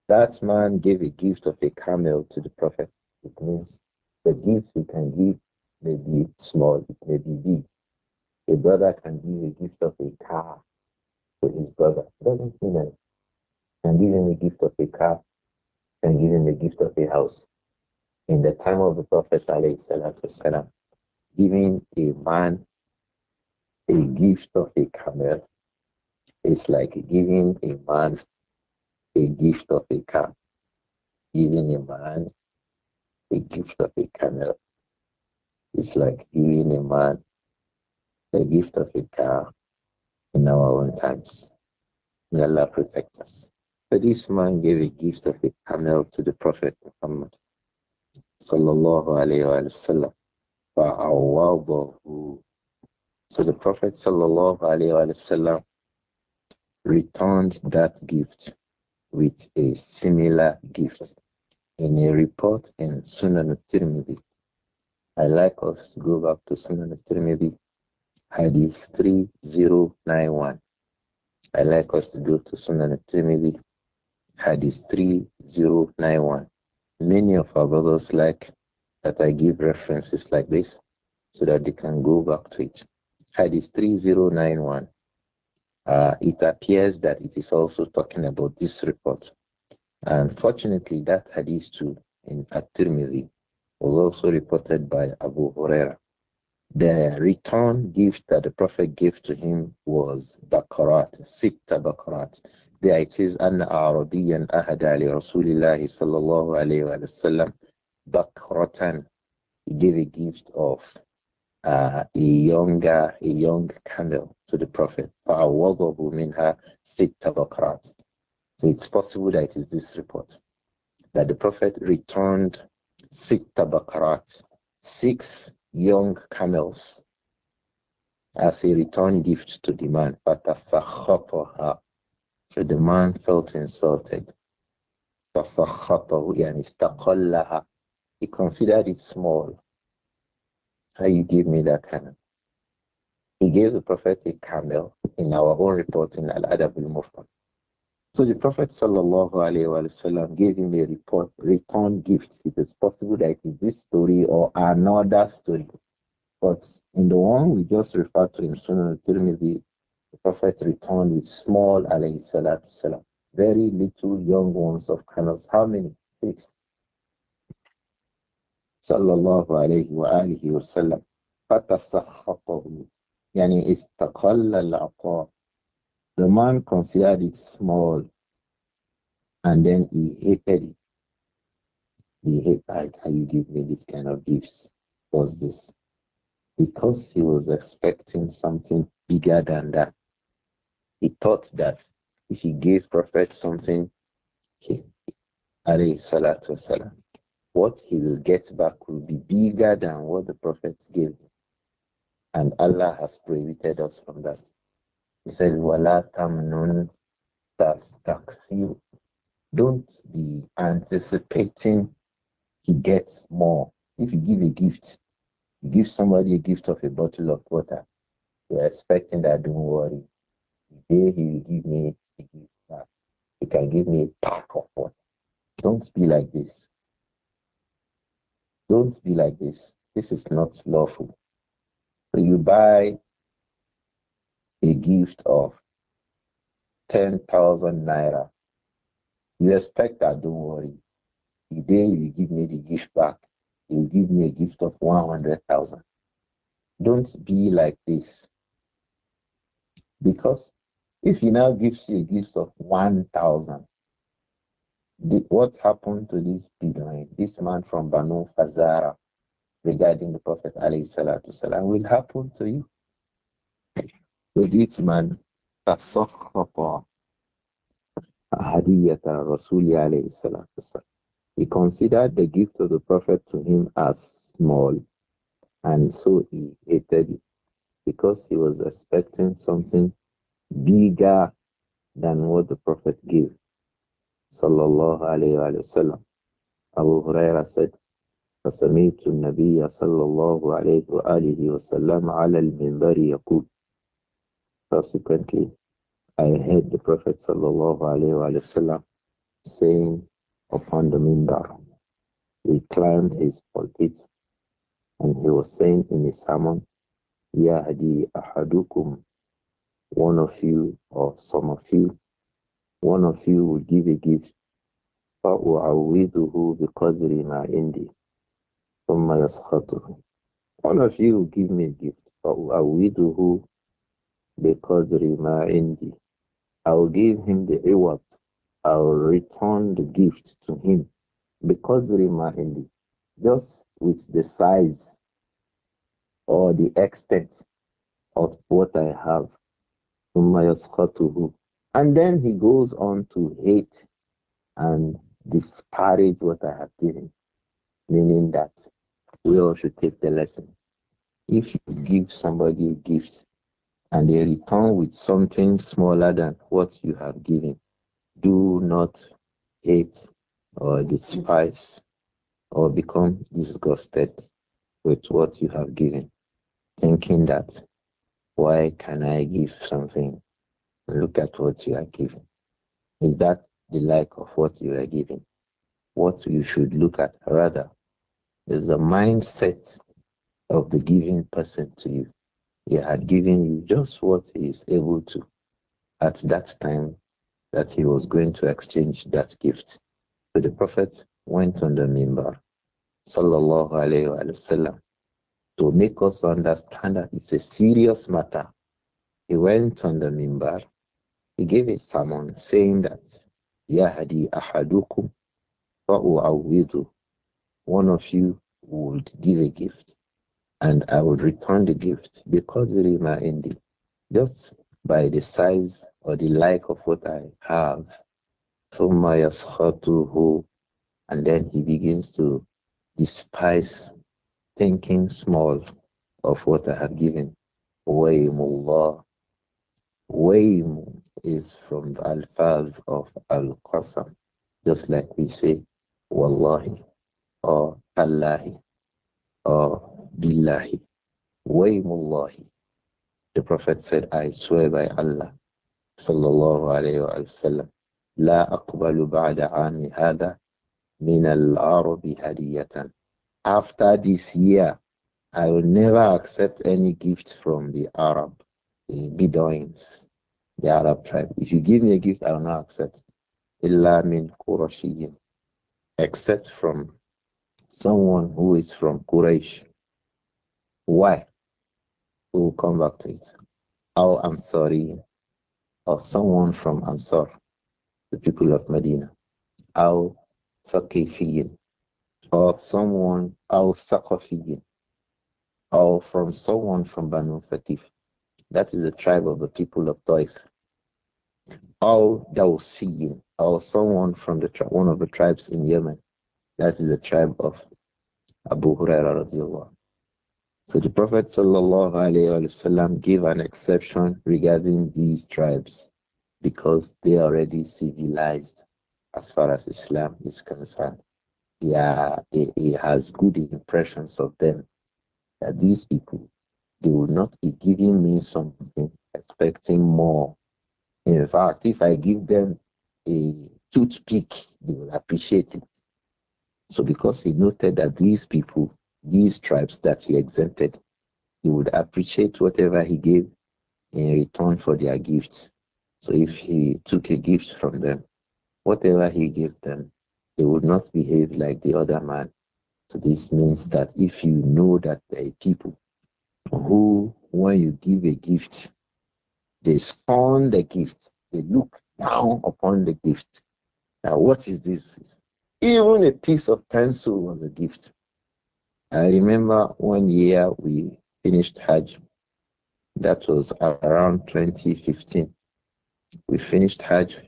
that man gave a gift of a camel to the prophet. It means the gift you can give may be small, it may be big. A brother can give a gift of a car to his brother. It doesn't mean anything. Can give him a gift of a car, can give him a gift of a house. In the time of the Prophet, Sallam. giving a man a gift of a camel is like giving a man a gift of a car, giving a man a gift of a camel. It's like giving a man a gift of a car in our own times. May Allah protect us. But this man gave a gift of a camel to the Prophet Muhammad sallallahu alayhi wa sallam. So the Prophet sallallahu alayhi wa sallam returned that gift with a similar gift. In a report in Sunan al-Tirmidhi, I like us to go back to Sunan al-Tirmidhi, Hadith 3091. I like us to go to Sunan al-Tirmidhi, Hadith 3091. Many of our brothers like that I give references like this so that they can go back to it. Hadith 3091 uh, it appears that it is also talking about this report. Unfortunately, that hadith too in At-Tirmidhi was also reported by Abu Huraira. The return gift that the Prophet gave to him was the Bakarat, Sitta Qur'an. There it says, أن أعربيا أهدى لرسول الله صلى الله عليه وسلم He gave a gift of uh, a younger, a young candle to the Prophet. minha So it's possible that it is this report that the Prophet returned six tabakarat, six young camels, as a return gift to the man. So the man felt insulted. He considered it small. How you give me that camel? He gave the Prophet a camel in our own report in Al adabul al Mufrad. So the Prophet وسلم, gave him a report, return gift. It is possible that it is this story or another story. But in the one we just referred to in Sunan Tirmidhi, the Prophet returned with small, alayhi salatu salam, very little young ones of camels. How many? Six. صلى الله عليه وآله وسلم فتسخطه يعني استقل the man considered it small and then he hated it he hated like how you give me this kind of gifts was this because he was expecting something bigger than that he thought that if he gave prophet something he alayhi salatu wasalam what he will get back will be bigger than what the prophets gave him. And Allah has prohibited us from that. He said, Wala tamnun tastakfir. Don't be anticipating to get more. If you give a gift, you give somebody a gift of a bottle of water. You're expecting that, don't worry. Today he will give me a gift back. He can give me a pack of water. Don't be like this. Don't be like this. This is not lawful. So you buy a gift of 10,000 naira. You expect that, don't worry. The day you give me the gift back, you give me a gift of 100,000. Don't be like this. Because if he now gives you a gift of 1,000, the, what happened to this Bedouin, this man from Banu Fazara, regarding the Prophet والسلام, will happen to you. So this man, He considered the gift of the Prophet to him as small, and so he hated it because he was expecting something bigger than what the Prophet gave sallallahu alayhi wa sallam. Abu Huraira said, فسمعت النبي صلى الله عليه وآله وسلم على المنبر يقول Subsequently, I heard the Prophet sallallahu alayhi wa sallam saying upon the minbar, he climbed his pulpit and he was saying in his sermon, Yahdi ahadukum, one of you or some of you one of you will give a gift فأعوضه بقدر ما عندي ثم يسخطه One of you will give me a gift فأعوضه بقدر ما عندي I'll give him the reward I'll return the gift to him بقدر ما عندي just with the size or the extent of what I have ثم يسخطه and then he goes on to hate and disparage what I have given, meaning that we all should take the lesson. If you give somebody a gift and they return with something smaller than what you have given, do not hate or despise or become disgusted with what you have given, thinking that why can I give something Look at what you are giving. Is that the like of what you are giving? What you should look at rather is the mindset of the giving person to you. He had given you just what he is able to at that time that he was going to exchange that gift. So the Prophet went on the mimbar, sallallahu alayhi wa, sallam, to make us understand that it's a serious matter. He went on the mimbar he gave a sermon saying that Yahadi Ahadukum Fa'u'awidu. One of you would give a gift and I would return the gift because Rima Indi. Just by the size or the like of what I have. And then he begins to despise thinking small of what I have given. Waymu is from the alfaz of al qasam, just like we say wallahi or allahi or billahi, waymullahi. The Prophet said, I swear by Allah, sallallahu alayhi wa sallam, لا أقبل بعد عام هذا من العرب هدية. After this year, I will never accept any gift from the Arab, the Bedouins, the Arab tribe. If you give me a gift, I will not accept. lamb in Qurashiyin. Except from someone who is from Quraysh. Why? We will come back to it. Al Ansari, or someone from Ansar, the people of Medina. Al Saqifiyin, or someone Al Saqafiyin, or from someone from Banu Thaqif. That is the tribe of the people of Taif. Al Dawsiyin, or someone from the one of the tribes in Yemen. That is the tribe of Abu Huraira So the Prophet وسلم, gave an exception regarding these tribes because they are already civilized as far as Islam is concerned. Yeah, he, he has good impressions of them. That these people, he will not be giving me something, expecting more. In fact, if I give them a toothpick, they will appreciate it. So, because he noted that these people, these tribes that he exempted, he would appreciate whatever he gave in return for their gifts. So, if he took a gift from them, whatever he gave them, they would not behave like the other man. So, this means that if you know that there are people who, when you give a gift, they scorn the gift, they look down upon the gift. Now, what is this? Even a piece of pencil was a gift. I remember one year we finished Hajj. That was around 2015. We finished Hajj.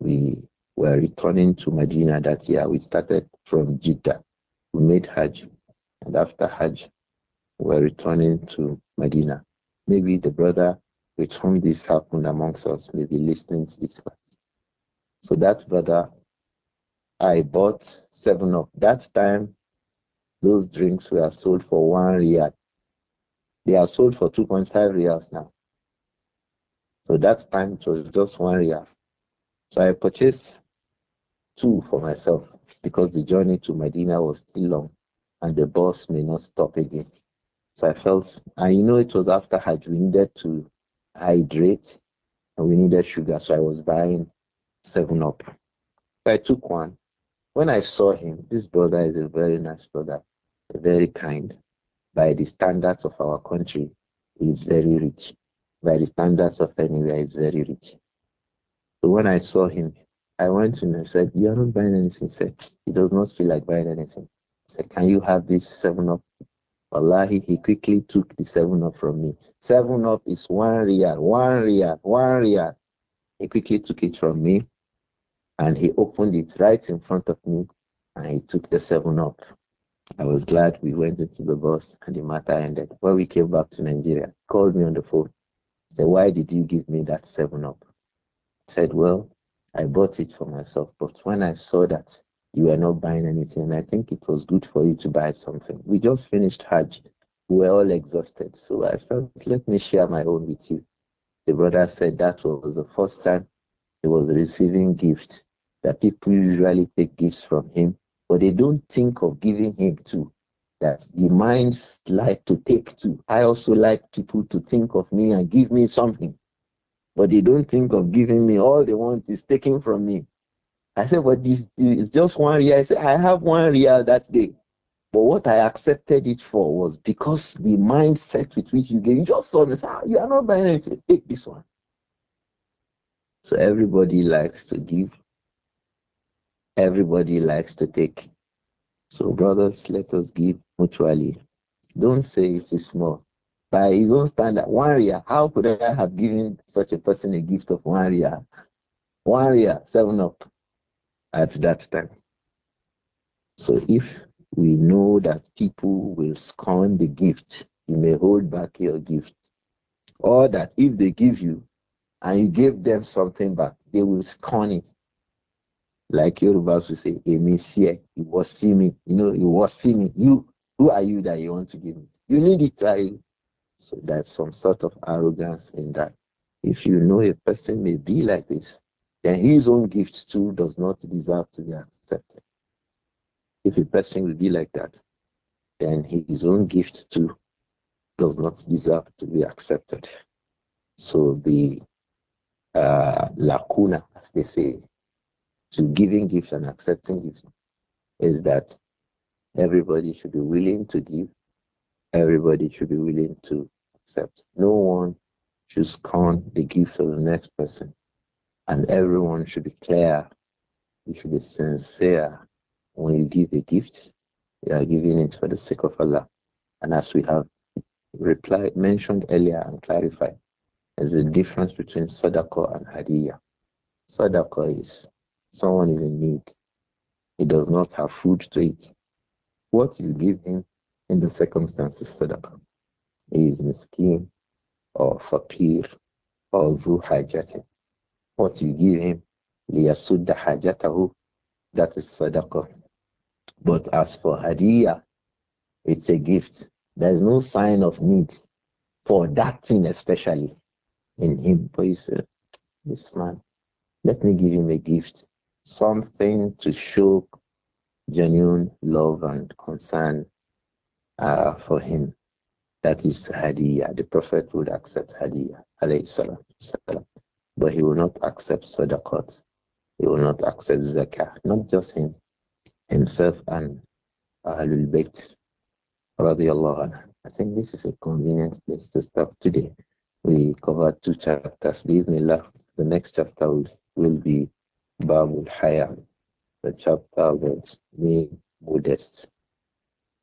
We were returning to Medina that year. We started from Jeddah. We made Hajj. And after Hajj, were returning to Medina. Maybe the brother with whom this happened amongst us may be listening to this class. So that brother, I bought seven of that time. Those drinks were sold for one riyal. They are sold for 2.5 riyals now. So that time it was just one riyal. So I purchased two for myself because the journey to Medina was still long and the bus may not stop again. So I felt, and you know, it was after i we needed to hydrate and we needed sugar. So I was buying 7 Up. So I took one. When I saw him, this brother is a very nice brother, very kind. By the standards of our country, he's is very rich. By the standards of anywhere, he's is very rich. So when I saw him, I went to him and said, You are not buying anything. He said, He does not feel like buying anything. I said, Can you have this 7 Up? Wallahi, he quickly took the seven up from me. Seven up is one real, one real, one real. He quickly took it from me and he opened it right in front of me and he took the seven up. I was glad we went into the bus and the matter ended. When we came back to Nigeria, called me on the phone. Said, Why did you give me that seven up? I said, Well, I bought it for myself, but when I saw that you were not buying anything. I think it was good for you to buy something. We just finished Hajj. We were all exhausted. So I felt, let me share my own with you. The brother said that was the first time he was receiving gifts, that people usually take gifts from him, but they don't think of giving him too. That the minds like to take too. I also like people to think of me and give me something, but they don't think of giving me. All they want is taking from me. I said, But this is just one real. I said, I have one real that day. But what I accepted it for was because the mindset with which you gave, you just saw this, ah, you are not buying anything, take this one. So everybody likes to give, everybody likes to take. So, brothers, let us give mutually. Don't say it is small. By his own standard, one real, how could I have given such a person a gift of one real? One real, seven up at that time. So if we know that people will scorn the gift, you may hold back your gift. Or that if they give you and you give them something back, they will scorn it. Like Yorubas will say, Emisie, you was see me. You know, you was see me. You, who are you that you want to give me? You need it, are you? So there's some sort of arrogance in that. If you know a person may be like this, then his own gift too does not deserve to be accepted. If a person will be like that, then his own gift too does not deserve to be accepted. So the uh, lacuna, as they say, to giving gifts and accepting gifts is that everybody should be willing to give, everybody should be willing to accept. No one should scorn the gift of the next person. And everyone should be clear. You should be sincere. When you give a gift, you are giving it for the sake of Allah. And as we have replied, mentioned earlier and clarified, there's a difference between sadaqah and hadiyah. Sadaqah is someone is in need. He does not have food to eat. What you give him in the circumstances sadaqah. He is miskin or fakir or zu hajati what you give him, لِيَسُدَّ حَاجَتَهُ That is sadaqah. But as for hadiyah, it's a gift. There's no sign of need for that thing especially in him. But you say, this man, let me give him a gift, something to show genuine love and concern uh, for him. That is hadiyah. The Prophet would accept hadiyah. Alayhi salam. But he will not accept sadaqat. He will not accept zakah. Not just him, himself and Ahlul Bayt radiallahu anhu. I think this is a convenient place to stop today. We covered two chapters. Bismillah, the next chapter will, will be Babul Haya, the chapter about being modest.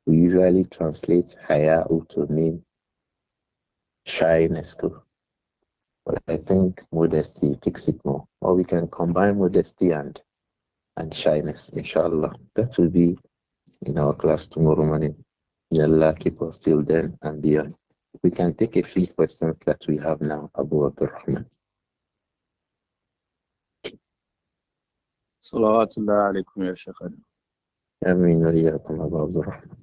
We usually translate Haya to mean shyness. Too. But I think modesty fixes it more. Or we can combine modesty and and shyness, inshallah. That will be in our class tomorrow morning. May Allah keep us till then and beyond. We can take a few questions that we have now, Abu Abdurrahman. Salawatullah alaikum ya Shaykh. Ameen wa Abu Abdurrahman.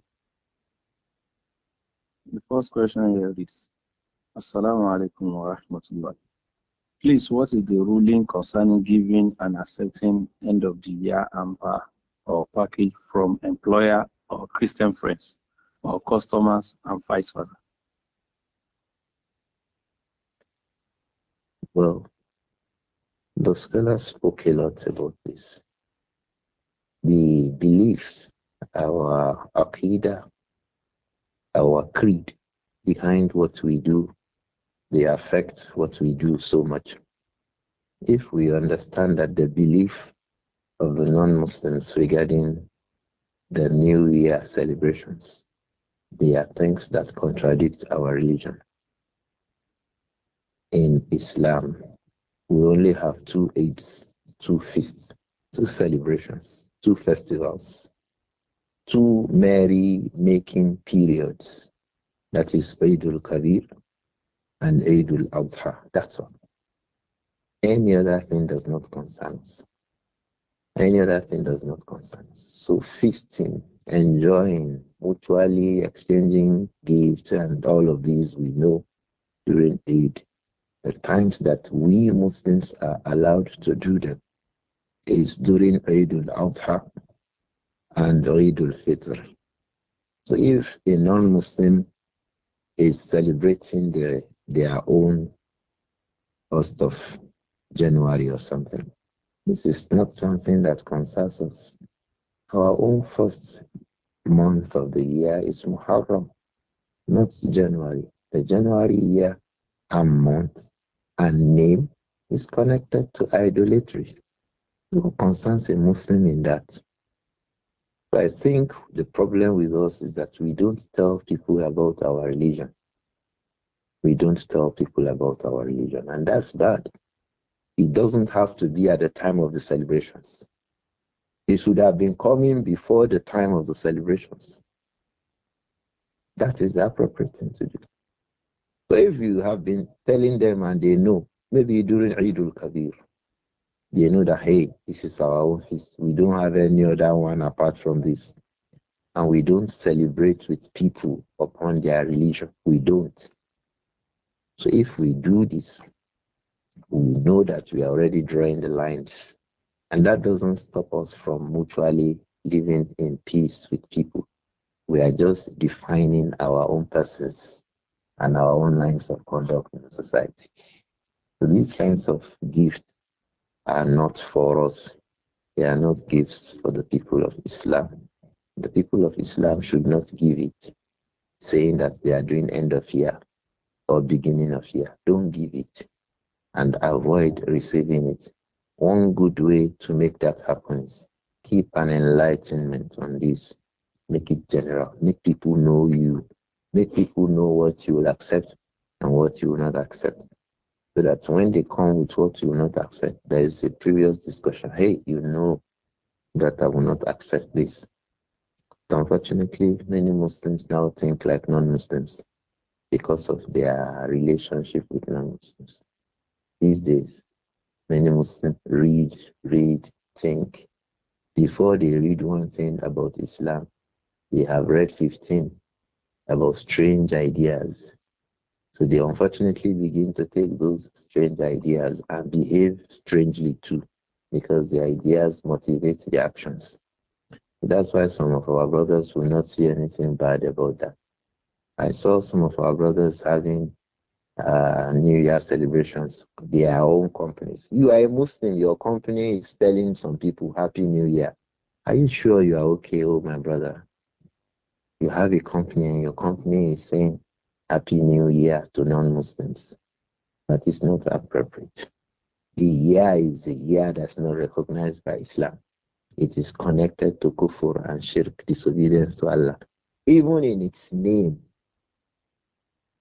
The first question here is Assalamu alaikum wa rahmatullah. Please, what is the ruling concerning giving and accepting end of the year AMPA or package from employer or Christian friends or customers and vice versa? Well, the scholars spoke a lot about this. The belief, our akida, our creed behind what we do they affect what we do so much. If we understand that the belief of the non Muslims regarding the New Year celebrations, they are things that contradict our religion. In Islam, we only have two Eids, two feasts, two celebrations, two festivals, two merry making periods. That is Eid al Kabir and Eid al Adha. That's all. Any other thing does not concern us. Any other thing does not concern us. So feasting, enjoying, mutually exchanging gifts and all of these we know during Eid, the times that we Muslims are allowed to do them is during Eid al-Adha and Eid al-Fitr. So if a non-Muslim is celebrating the their own first of January or something. This is not something that concerns us. Our own first month of the year is Muharram, not January. The January year and month and name is connected to idolatry. No concerns a Muslim in that. But I think the problem with us is that we don't tell people about our religion we don't tell people about our religion, and that's bad. It doesn't have to be at the time of the celebrations. It should have been coming before the time of the celebrations. That is the appropriate thing to do. So if you have been telling them and they know, maybe during Eid al-Kabir, they know that, hey, this is our own feast. We don't have any other one apart from this. And we don't celebrate with people upon their religion. We don't. So if we do this, we know that we are already drawing the lines. And that doesn't stop us from mutually living in peace with people. We are just defining our own persons and our own lines of conduct in society. So these kinds of gifts are not for us. They are not gifts for the people of Islam. The people of Islam should not give it, saying that they are doing end of year or beginning of year. Don't give it and avoid receiving it. One good way to make that happen is keep an enlightenment on this. Make it general. Make people know you. Make people know what you will accept and what you will not accept. So that when they come with what you will not accept, there is a previous discussion. Hey, you know that I will not accept this. Unfortunately, many Muslims now think like non Muslims because of their relationship with non-Muslims. These days, many Muslims read, read, think. Before they read one thing about Islam, they have read 15 about strange ideas. So they unfortunately begin to take those strange ideas and behave strangely too, because the ideas motivate the actions. That's why some of our brothers will not see anything bad about that. I saw some of our brothers having uh, New Year celebrations, their own companies. You are a Muslim, your company is telling some people Happy New Year. Are you sure you are okay, oh my brother? You have a company and your company is saying Happy New Year to non Muslims. That is not appropriate. The year is a year that's not recognized by Islam. It is connected to kufr and shirk, disobedience to Allah. Even in its name,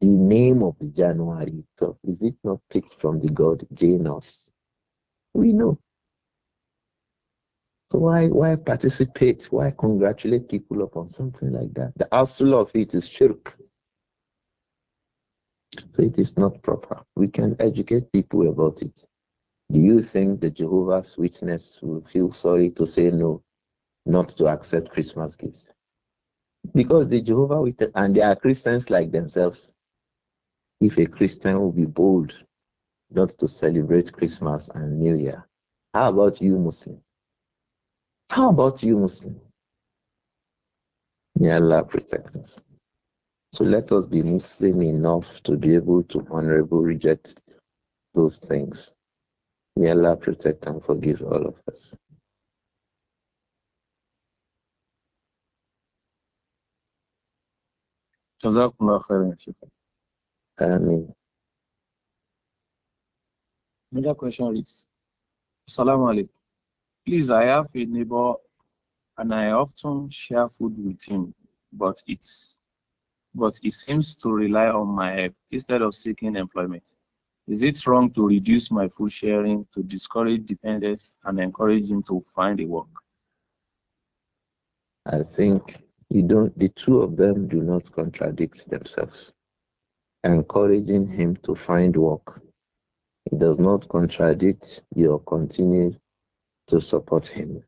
the name of the January so is it not picked from the god Janus? We know. So why why participate? Why congratulate people upon something like that? The asl of it is shirk. So it is not proper. We can educate people about it. Do you think the Jehovah's Witness will feel sorry to say no, not to accept Christmas gifts? Because the Jehovah Witness and they are Christians like themselves if a Christian will be bold not to celebrate Christmas and New Year? How about you, Muslim? How about you, Muslim? May Allah protect us. So let us be Muslim enough to be able to honorably reject those things. May Allah protect and forgive all of us. Another question is, Assalamu alaikum. Please, I have a neighbor and I often share food with him, but it's but he seems to rely on my help instead of seeking employment. Is it wrong to reduce my food sharing to discourage dependence and encourage him to find a work? I think you don't the two of them do not contradict themselves encouraging him to find work. It does not contradict your continued to support him.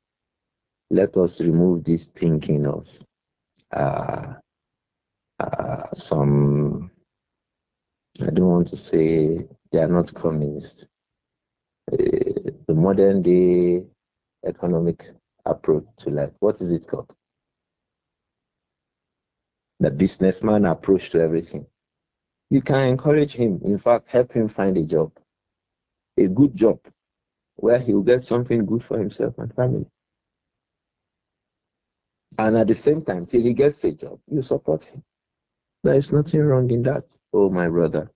Let us remove this thinking of uh, uh, some, I don't want to say they are not communist. Uh, the modern day economic approach to life, what is it called? The businessman approach to everything you can encourage him, in fact, help him find a job, a good job, where he will get something good for himself and family. And at the same time, till he gets a job, you support him. There is nothing wrong in that, oh my brother.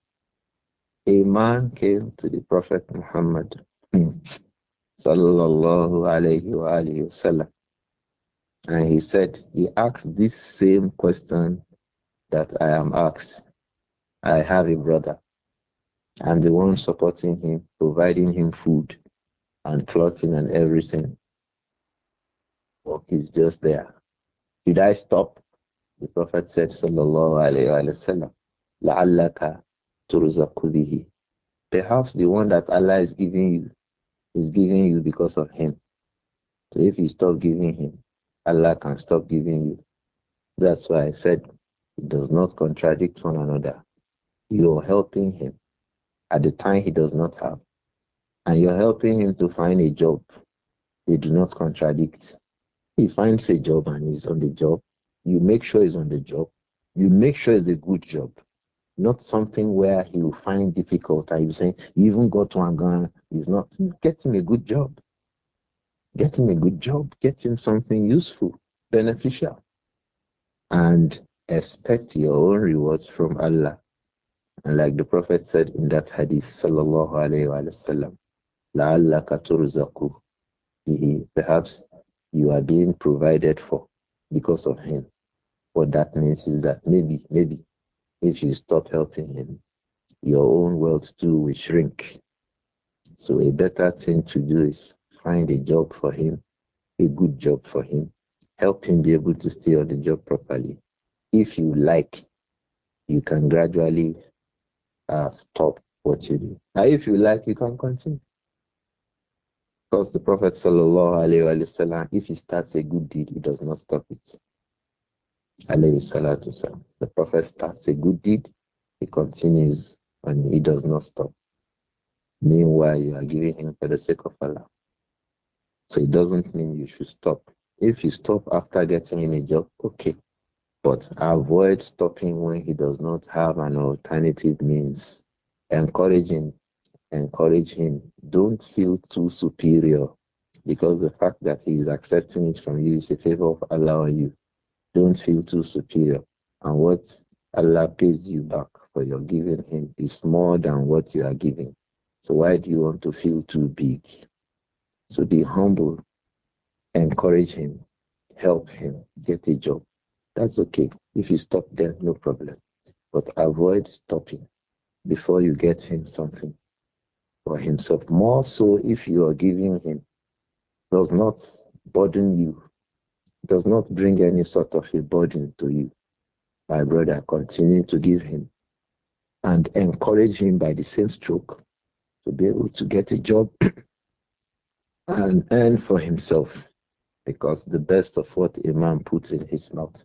A man came to the Prophet Muhammad. sallallahu alayhi wa alayhi wasallam. And he said, he asked this same question that I am asked. I have a brother. I'm the one supporting him, providing him food and clothing and everything. Work is just there. Should I stop? The Prophet said, Sallallahu Alaihi Wasallam, La'allaka Perhaps the one that Allah is giving you is giving you because of him. So if you stop giving him, Allah can stop giving you. That's why I said it does not contradict one another. You're helping him at the time he does not have. And you're helping him to find a job. You do not contradict. He finds a job and he's on the job. You make sure he's on the job. You make sure it's a good job not something where he will find difficult. I am saying you even go to Angan, he's not. Get him a good job. Get him a good job. Get him something useful, beneficial. And expect your own rewards from Allah. And like the Prophet said in that hadith, sallallahu alayhi wa sallam, لَعَلَّكَ Perhaps you are being provided for because of him. What that means is that maybe, maybe, if you stop helping him, your own wealth too will shrink. So a better thing to do is find a job for him, a good job for him, help him be able to stay on the job properly. If you like, you can gradually uh, stop what you do. Now, if you like, you can continue. Because the Prophet sallallahu alaihi wasallam, if he starts a good deed, he does not stop it. Alayhi salatu The Prophet starts a good deed, he continues, and he does not stop. Meanwhile, you are giving him for the sake of Allah. So it doesn't mean you should stop. If you stop after getting in a job, okay, but avoid stopping when he does not have an alternative means. Encourage him. Encourage him. Don't feel too superior because the fact that he is accepting it from you is a favor of Allah on you. Don't feel too superior. And what Allah pays you back for your giving him is more than what you are giving. So why do you want to feel too big? So be humble, encourage him, help him get a job, that's okay. If you stop there, no problem. But avoid stopping before you get him something for himself. More so if you are giving him does not burden you, does not bring any sort of a burden to you. My brother, continue to give him and encourage him by the same stroke to be able to get a job and earn for himself because the best of what a man puts in his mouth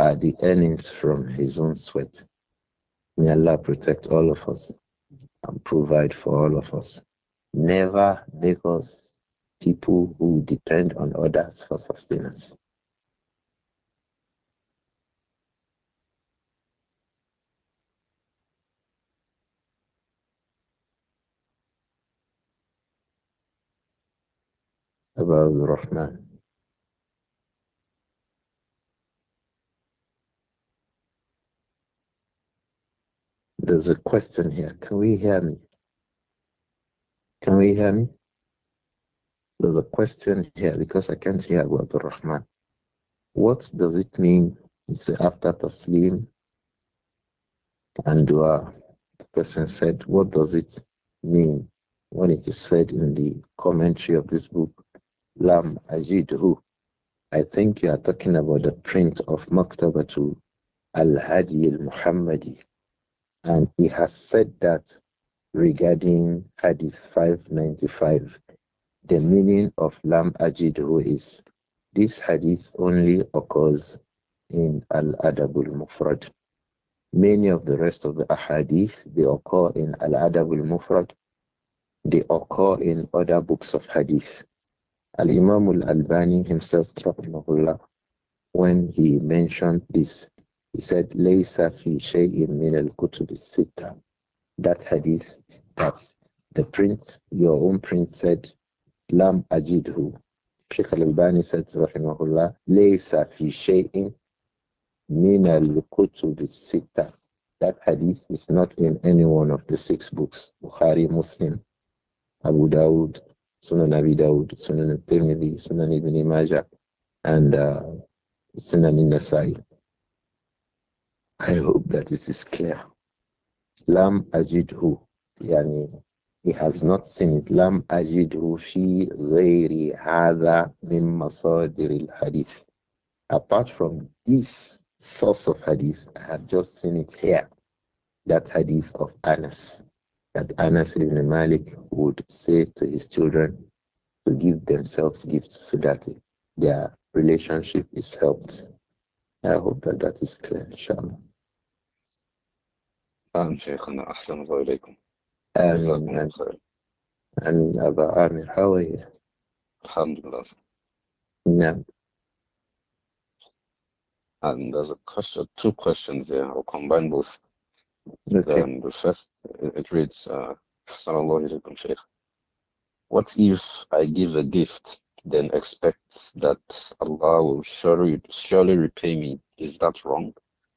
are the earnings from his own sweat. May Allah protect all of us and provide for all of us. Never make us people who depend on others for sustenance. about Rahman. There's a question here. Can we hear me? Can we hear me? There's a question here because I can't hear Abu the Rahman. What does it mean? It's after Taslim and Dua. The person said, What does it mean when it is said in the commentary of this book, Lam Ajidhu? I think you are talking about the print of Maktabatu Al Hadi Al Muhammadi and he has said that regarding Hadith 595, the meaning of Lam Ajidhu is this Hadith only occurs in Al Adabul Mufrad. Many of the rest of the Ahadith, they occur in Al Adabul Mufrad, they occur in other books of Hadith. Al Imam Al Albani himself, when he mentioned this, he said, Laysa fi shay'in min al-kutub sita That hadith, that's the prince, your own prince, said, Lam ajidhu. Sheikh al-Albani said, rahimahullah, Laysa fi shay'in min al sita That hadith is not in any one of the six books, Bukhari, Muslim, Abu Dawud, Sunan Abi Dawud, Sunan al-Tirmidhi, Sunan Ibn Majah, and uh, Sunan al-Nasai. I hope that it is clear. Lam ajidhu. Yani, he has not seen it. Lam ajidhu fi ghairi hadha min masadir hadith. Apart from this source of hadith, I have just seen it here. That hadith of Anas. That Anas ibn Malik would say to his children to give themselves gifts so that their relationship is helped. I hope that that is clear, inshallah. نعم شيخنا أحسن الله إليكم آمين آمين آمين أبا آمير Alhamdulillah نعم and there's a question, two questions here. I'll combine both. Okay. Um, the first, it, reads, uh, What if I give a gift, then expect that Allah will surely, surely repay me? Is that wrong?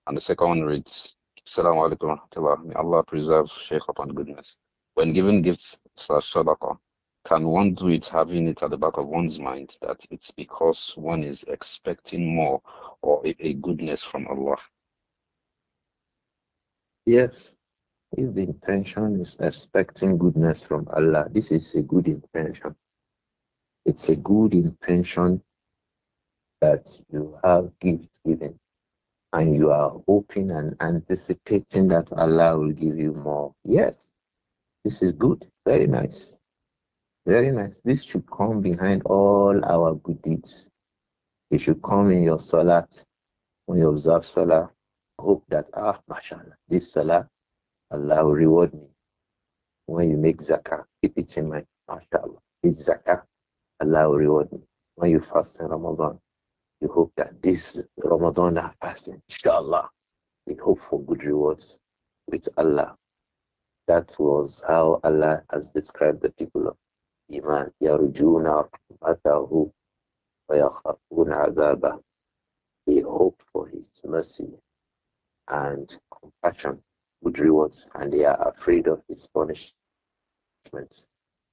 And the second one reads, Assalamu alaikum wa rahmatullah. May Allah preserve Shaykh upon goodness. When giving gifts slash sadaqah, can one do it having it at the back of one's mind that it's because one is expecting more or a goodness from Allah? Yes. If the intention is expecting goodness from Allah, this is a good intention. It's a good intention that you have gift given and you are hoping and anticipating that Allah will give you more. Yes, this is good. Very nice. Very nice. This should come behind all our good deeds. It should come in your salat. When you observe salah, hope that, ah, mashallah, this salah, Allah will reward me. When you make zakah, keep it in mind, mashallah, this zakah, Allah will reward me. When you fast in Ramadan, we hope that this Ramadan fasting, inshallah, we hope for good rewards with Allah. That was how Allah has described the people of Iman. يَرْجُونَ رَحْمَتَهُ وَيَخَافُونَ عَذَابَهُ They hope for His mercy and compassion, good rewards, and they are afraid of His punishments.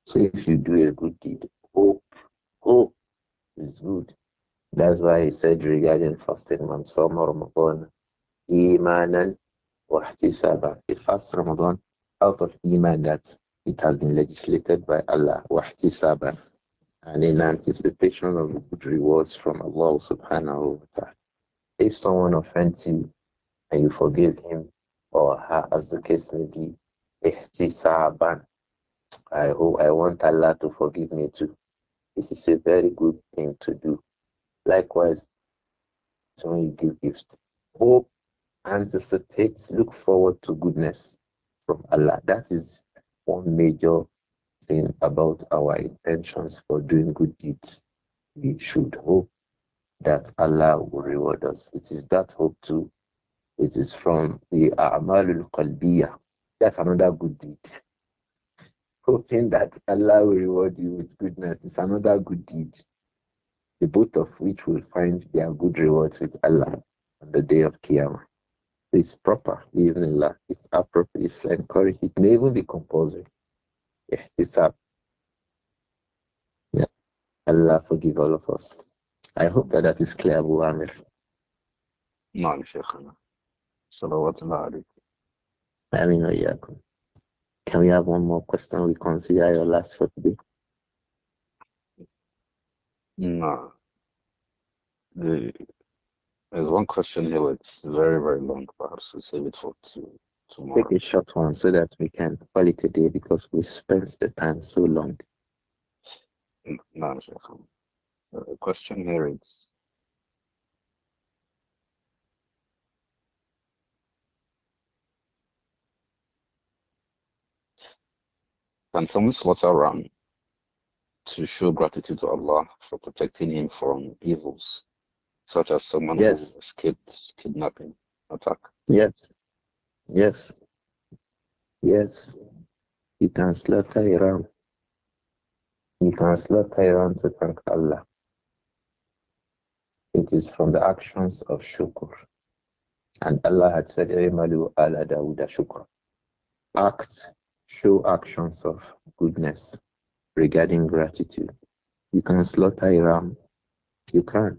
So if you do a good deed, hope, hope is good. That's why he said regarding fasting, man sama Ramadan imanan wa ihtisaban. He fasts Ramadan out of iman that it has been legislated by Allah wa and in anticipation of good rewards from Allah subhanahu wa ta'ala. If someone offends you and you forgive him or her as the case may be, ihtisaban. I hope I want Allah to forgive me too. This is a very good thing to do Likewise, when you give gifts, hope, anticipate, look forward to goodness from Allah. That is one major thing about our intentions for doing good deeds. We should hope that Allah will reward us. It is that hope too. It is from the A'malul Qalbiyah. That's another good deed. Hoping that Allah will reward you with goodness is another good deed the both of which will find their good rewards with Allah on the day of Qiyamah. It's proper, even Allah. It's appropriate, it's encouraged. It may even be compulsory. Yeah, it's up. Yeah. Allah forgive all of us. I hope that that is clear, Abu Amir. نعم شيخنا صلوات الله عليك Can we have one more question? We consider your last for today. No. The, there's one question here, that's it's very, very long. Perhaps we'll save it for two, tomorrow. Take a short one so that we can call it a day because we spent the time so long. No, sir. Uh, the question here is Can someone slaughter ram to show gratitude to Allah for protecting him from evils, such as someone yes. who escaped kidnapping attack. Yes. Yes. Yes. He can slaughter a He can slaughter a to thank Allah. It is from the actions of shukr. And Allah had said, Imalu ala Dawuda shukr. Act, show actions of goodness regarding gratitude. You can slaughter a ram. You can.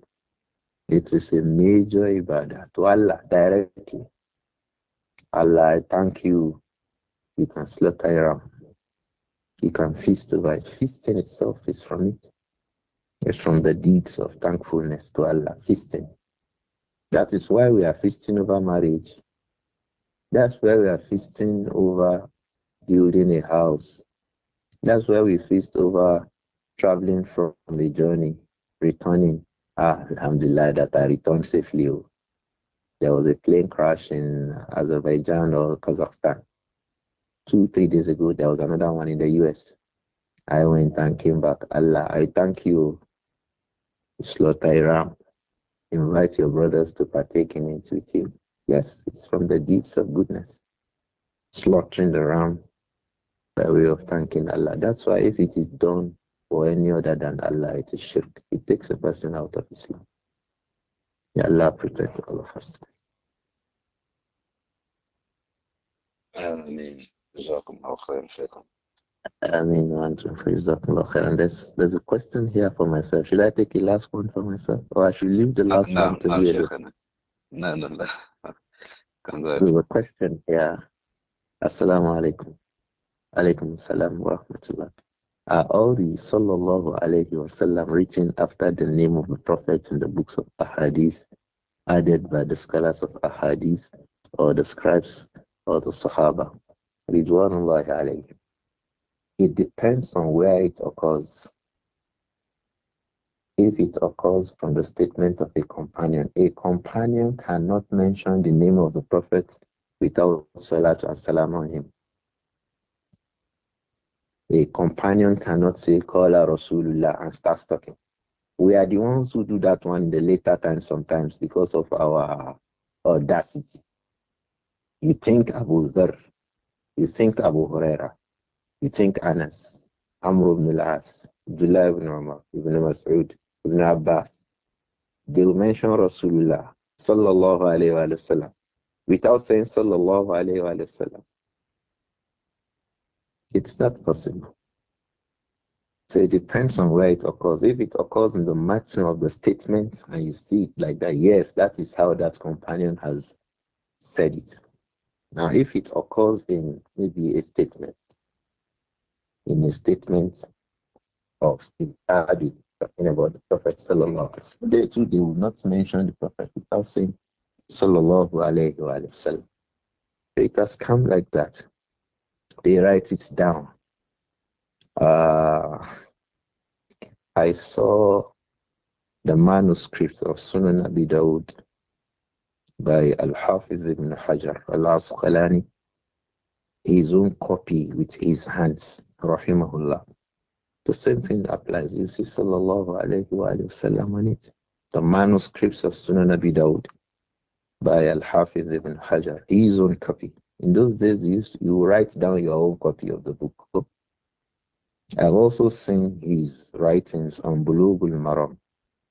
It is a major ibadah to Allah directly. Allah, I thank you. You can slaughter a ram. You can feast by Feasting itself is from it. It's from the deeds of thankfulness to Allah. Feasting. That is why we are feasting over marriage. That's why we are feasting over building a house. That's where we feast over traveling from the journey, returning. Ah, alhamdulillah, that I returned safely. Oh. There was a plane crash in Azerbaijan or Kazakhstan. Two, three days ago, there was another one in the US. I went and came back. Allah, I thank you. Oh. Slaughter a ram. Invite your brothers to partake in it with you. Yes, it's from the deeds of goodness. Slaughtering the ram by way of thanking Allah. That's why if it is done for any other than Allah, it is shirk. It takes a person out of Islam. May Allah protect all of us. Ameen. Jazakumullah khairan khairan. There's, there's a question here for myself. Should I take the last one for myself? Or I should leave the last no, one to no, you? No, no, no. There's a question here. Assalamu alaikum alaykum salam wa rahmatullah. Are all the sallallahu alayhi wasallam written after the name of the Prophet in the books of Ahadith, added by the scholars of Ahadith or the scribes or the Sahaba? It depends on where it occurs. If it occurs from the statement of a companion, a companion cannot mention the name of the Prophet without salatu and salam on him a companion cannot say, Kala Rasulullah, and start talking. We are the ones who do that one in the later times sometimes because of our audacity. You think Abu Dhar, you think Abu Huraira, you think Anas, Amr ibn al-As, Abdullah ibn Umar, ibn Mas'ud, ibn Abbas. They will mention Rasulullah sallallahu alayhi wa, sallam without saying sallallahu alayhi wa, alayhi wa sallam. It's not possible. So it depends on where it occurs. If it occurs in the maximum of the statement and you see it like that, yes, that is how that companion has said it. Now, if it occurs in maybe a statement, in a statement of Abi talking about the Prophet They too, they will not mention the Prophet without saying Sallallahu Alaihi Wasallam. So it has come like that. They write it down. Uh, I saw the manuscript of Sunan Abi Dawud by Al-Hafiz ibn Hajar al-Asqalani, his own copy with his hands, rahimahullah. The same thing applies. You see, sallallahu alayhi wa, alayhi wa sallam on it. The manuscripts of Sunan Abi Dawud by Al-Hafiz ibn Hajar, his own copy. In those days, you, used, you write down your own copy of the book. I've also seen his writings on Bulugul Maram.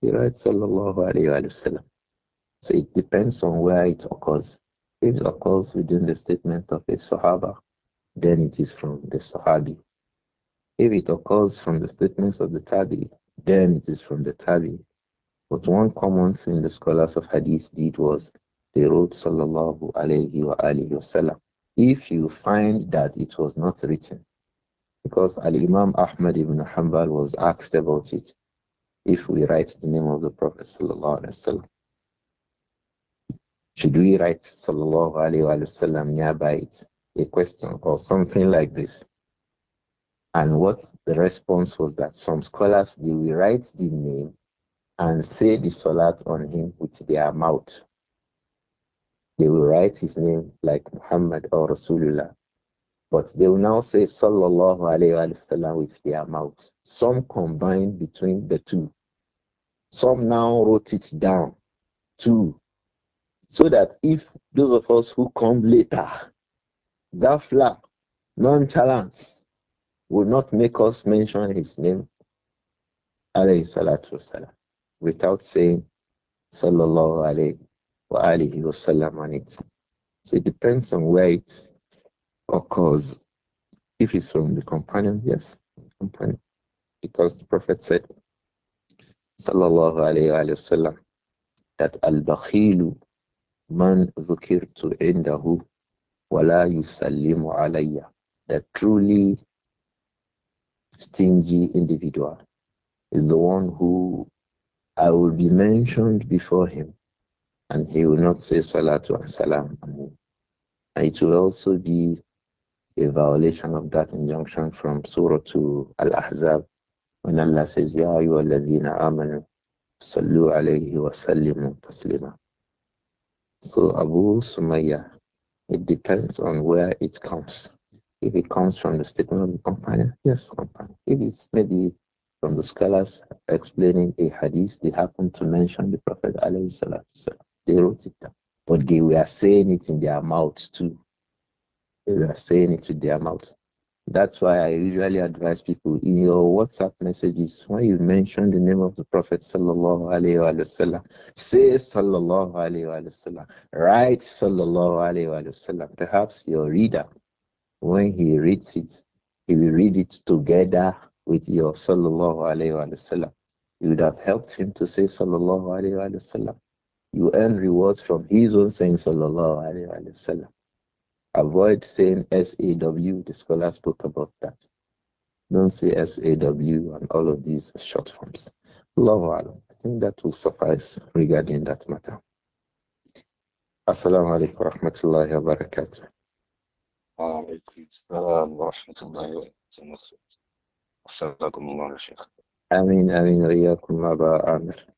He writes, Sallallahu Alaihi Wasallam. So it depends on where it occurs. If it occurs within the statement of a Sahaba, then it is from the Sahabi. If it occurs from the statements of the Tabi, then it is from the Tabi. But one common thing the scholars of Hadith did was they wrote Sallallahu Alaihi wa Wasallam. If you find that it was not written, because Al Imam Ahmad ibn Hanbal was asked about it, if we write the name of the Prophet Sallallahu Alaihi Wasallam. Should we write Sallallahu Alaihi Wasallam nearby it? A question or something like this. And what the response was that some scholars they will write the name and say the salat on him with their mouth. They will write his name like Muhammad or Rasulullah. But they will now say Sallallahu Alaihi Wasallam with their mouth. Some combine between the two. Some now wrote it down, too. So that if those of us who come later, that gafla, nonchalance, will not make us mention his name, alayhi salatu wasalam, without saying sallallahu Alaihi wa alihi wasallam on it. So it depends on where it occurs. If it's from the companion, yes, companion. Because the Prophet said, sallallahu alayhi wa sallam, that al-bakhilu man dhukirtu indahu wala yusallimu alayya. That truly stingy individual is the one who I will be mentioned before him and he will not say salatu and salam. And it will also be a violation of that injunction from Surah to Al Ahzab when Allah says, Ya ayyuhalladhina amanu sallu alayhi wa sallimu taslima. So Abu Sumaya, it depends on where it comes. If it comes from the statement of the companion, yes, companion. If it's maybe from the scholars explaining a hadith, they happen to mention the Prophet alayhi salatu but they were saying it in their mouths too. They were saying it with their mouth. That's why I usually advise people in your WhatsApp messages when you mention the name of the Prophet sallallahu alaihi wasallam, say sallallahu alaihi wasallam, write sallallahu alaihi wasallam. Perhaps your reader, when he reads it, he will read it together with your sallallahu alaihi wasallam. You would have helped him to say sallallahu alaihi wasallam you earn rewards from his own saying, Sallallahu Alaihi Wasallam. Avoid saying SAW, the scholar spoke about that. Don't say SAW and all of these short forms. Allahu Alam. I think that will suffice regarding that matter. Assalamu alaikum wa rahmatullahi wa barakatuh. وعليكم السلام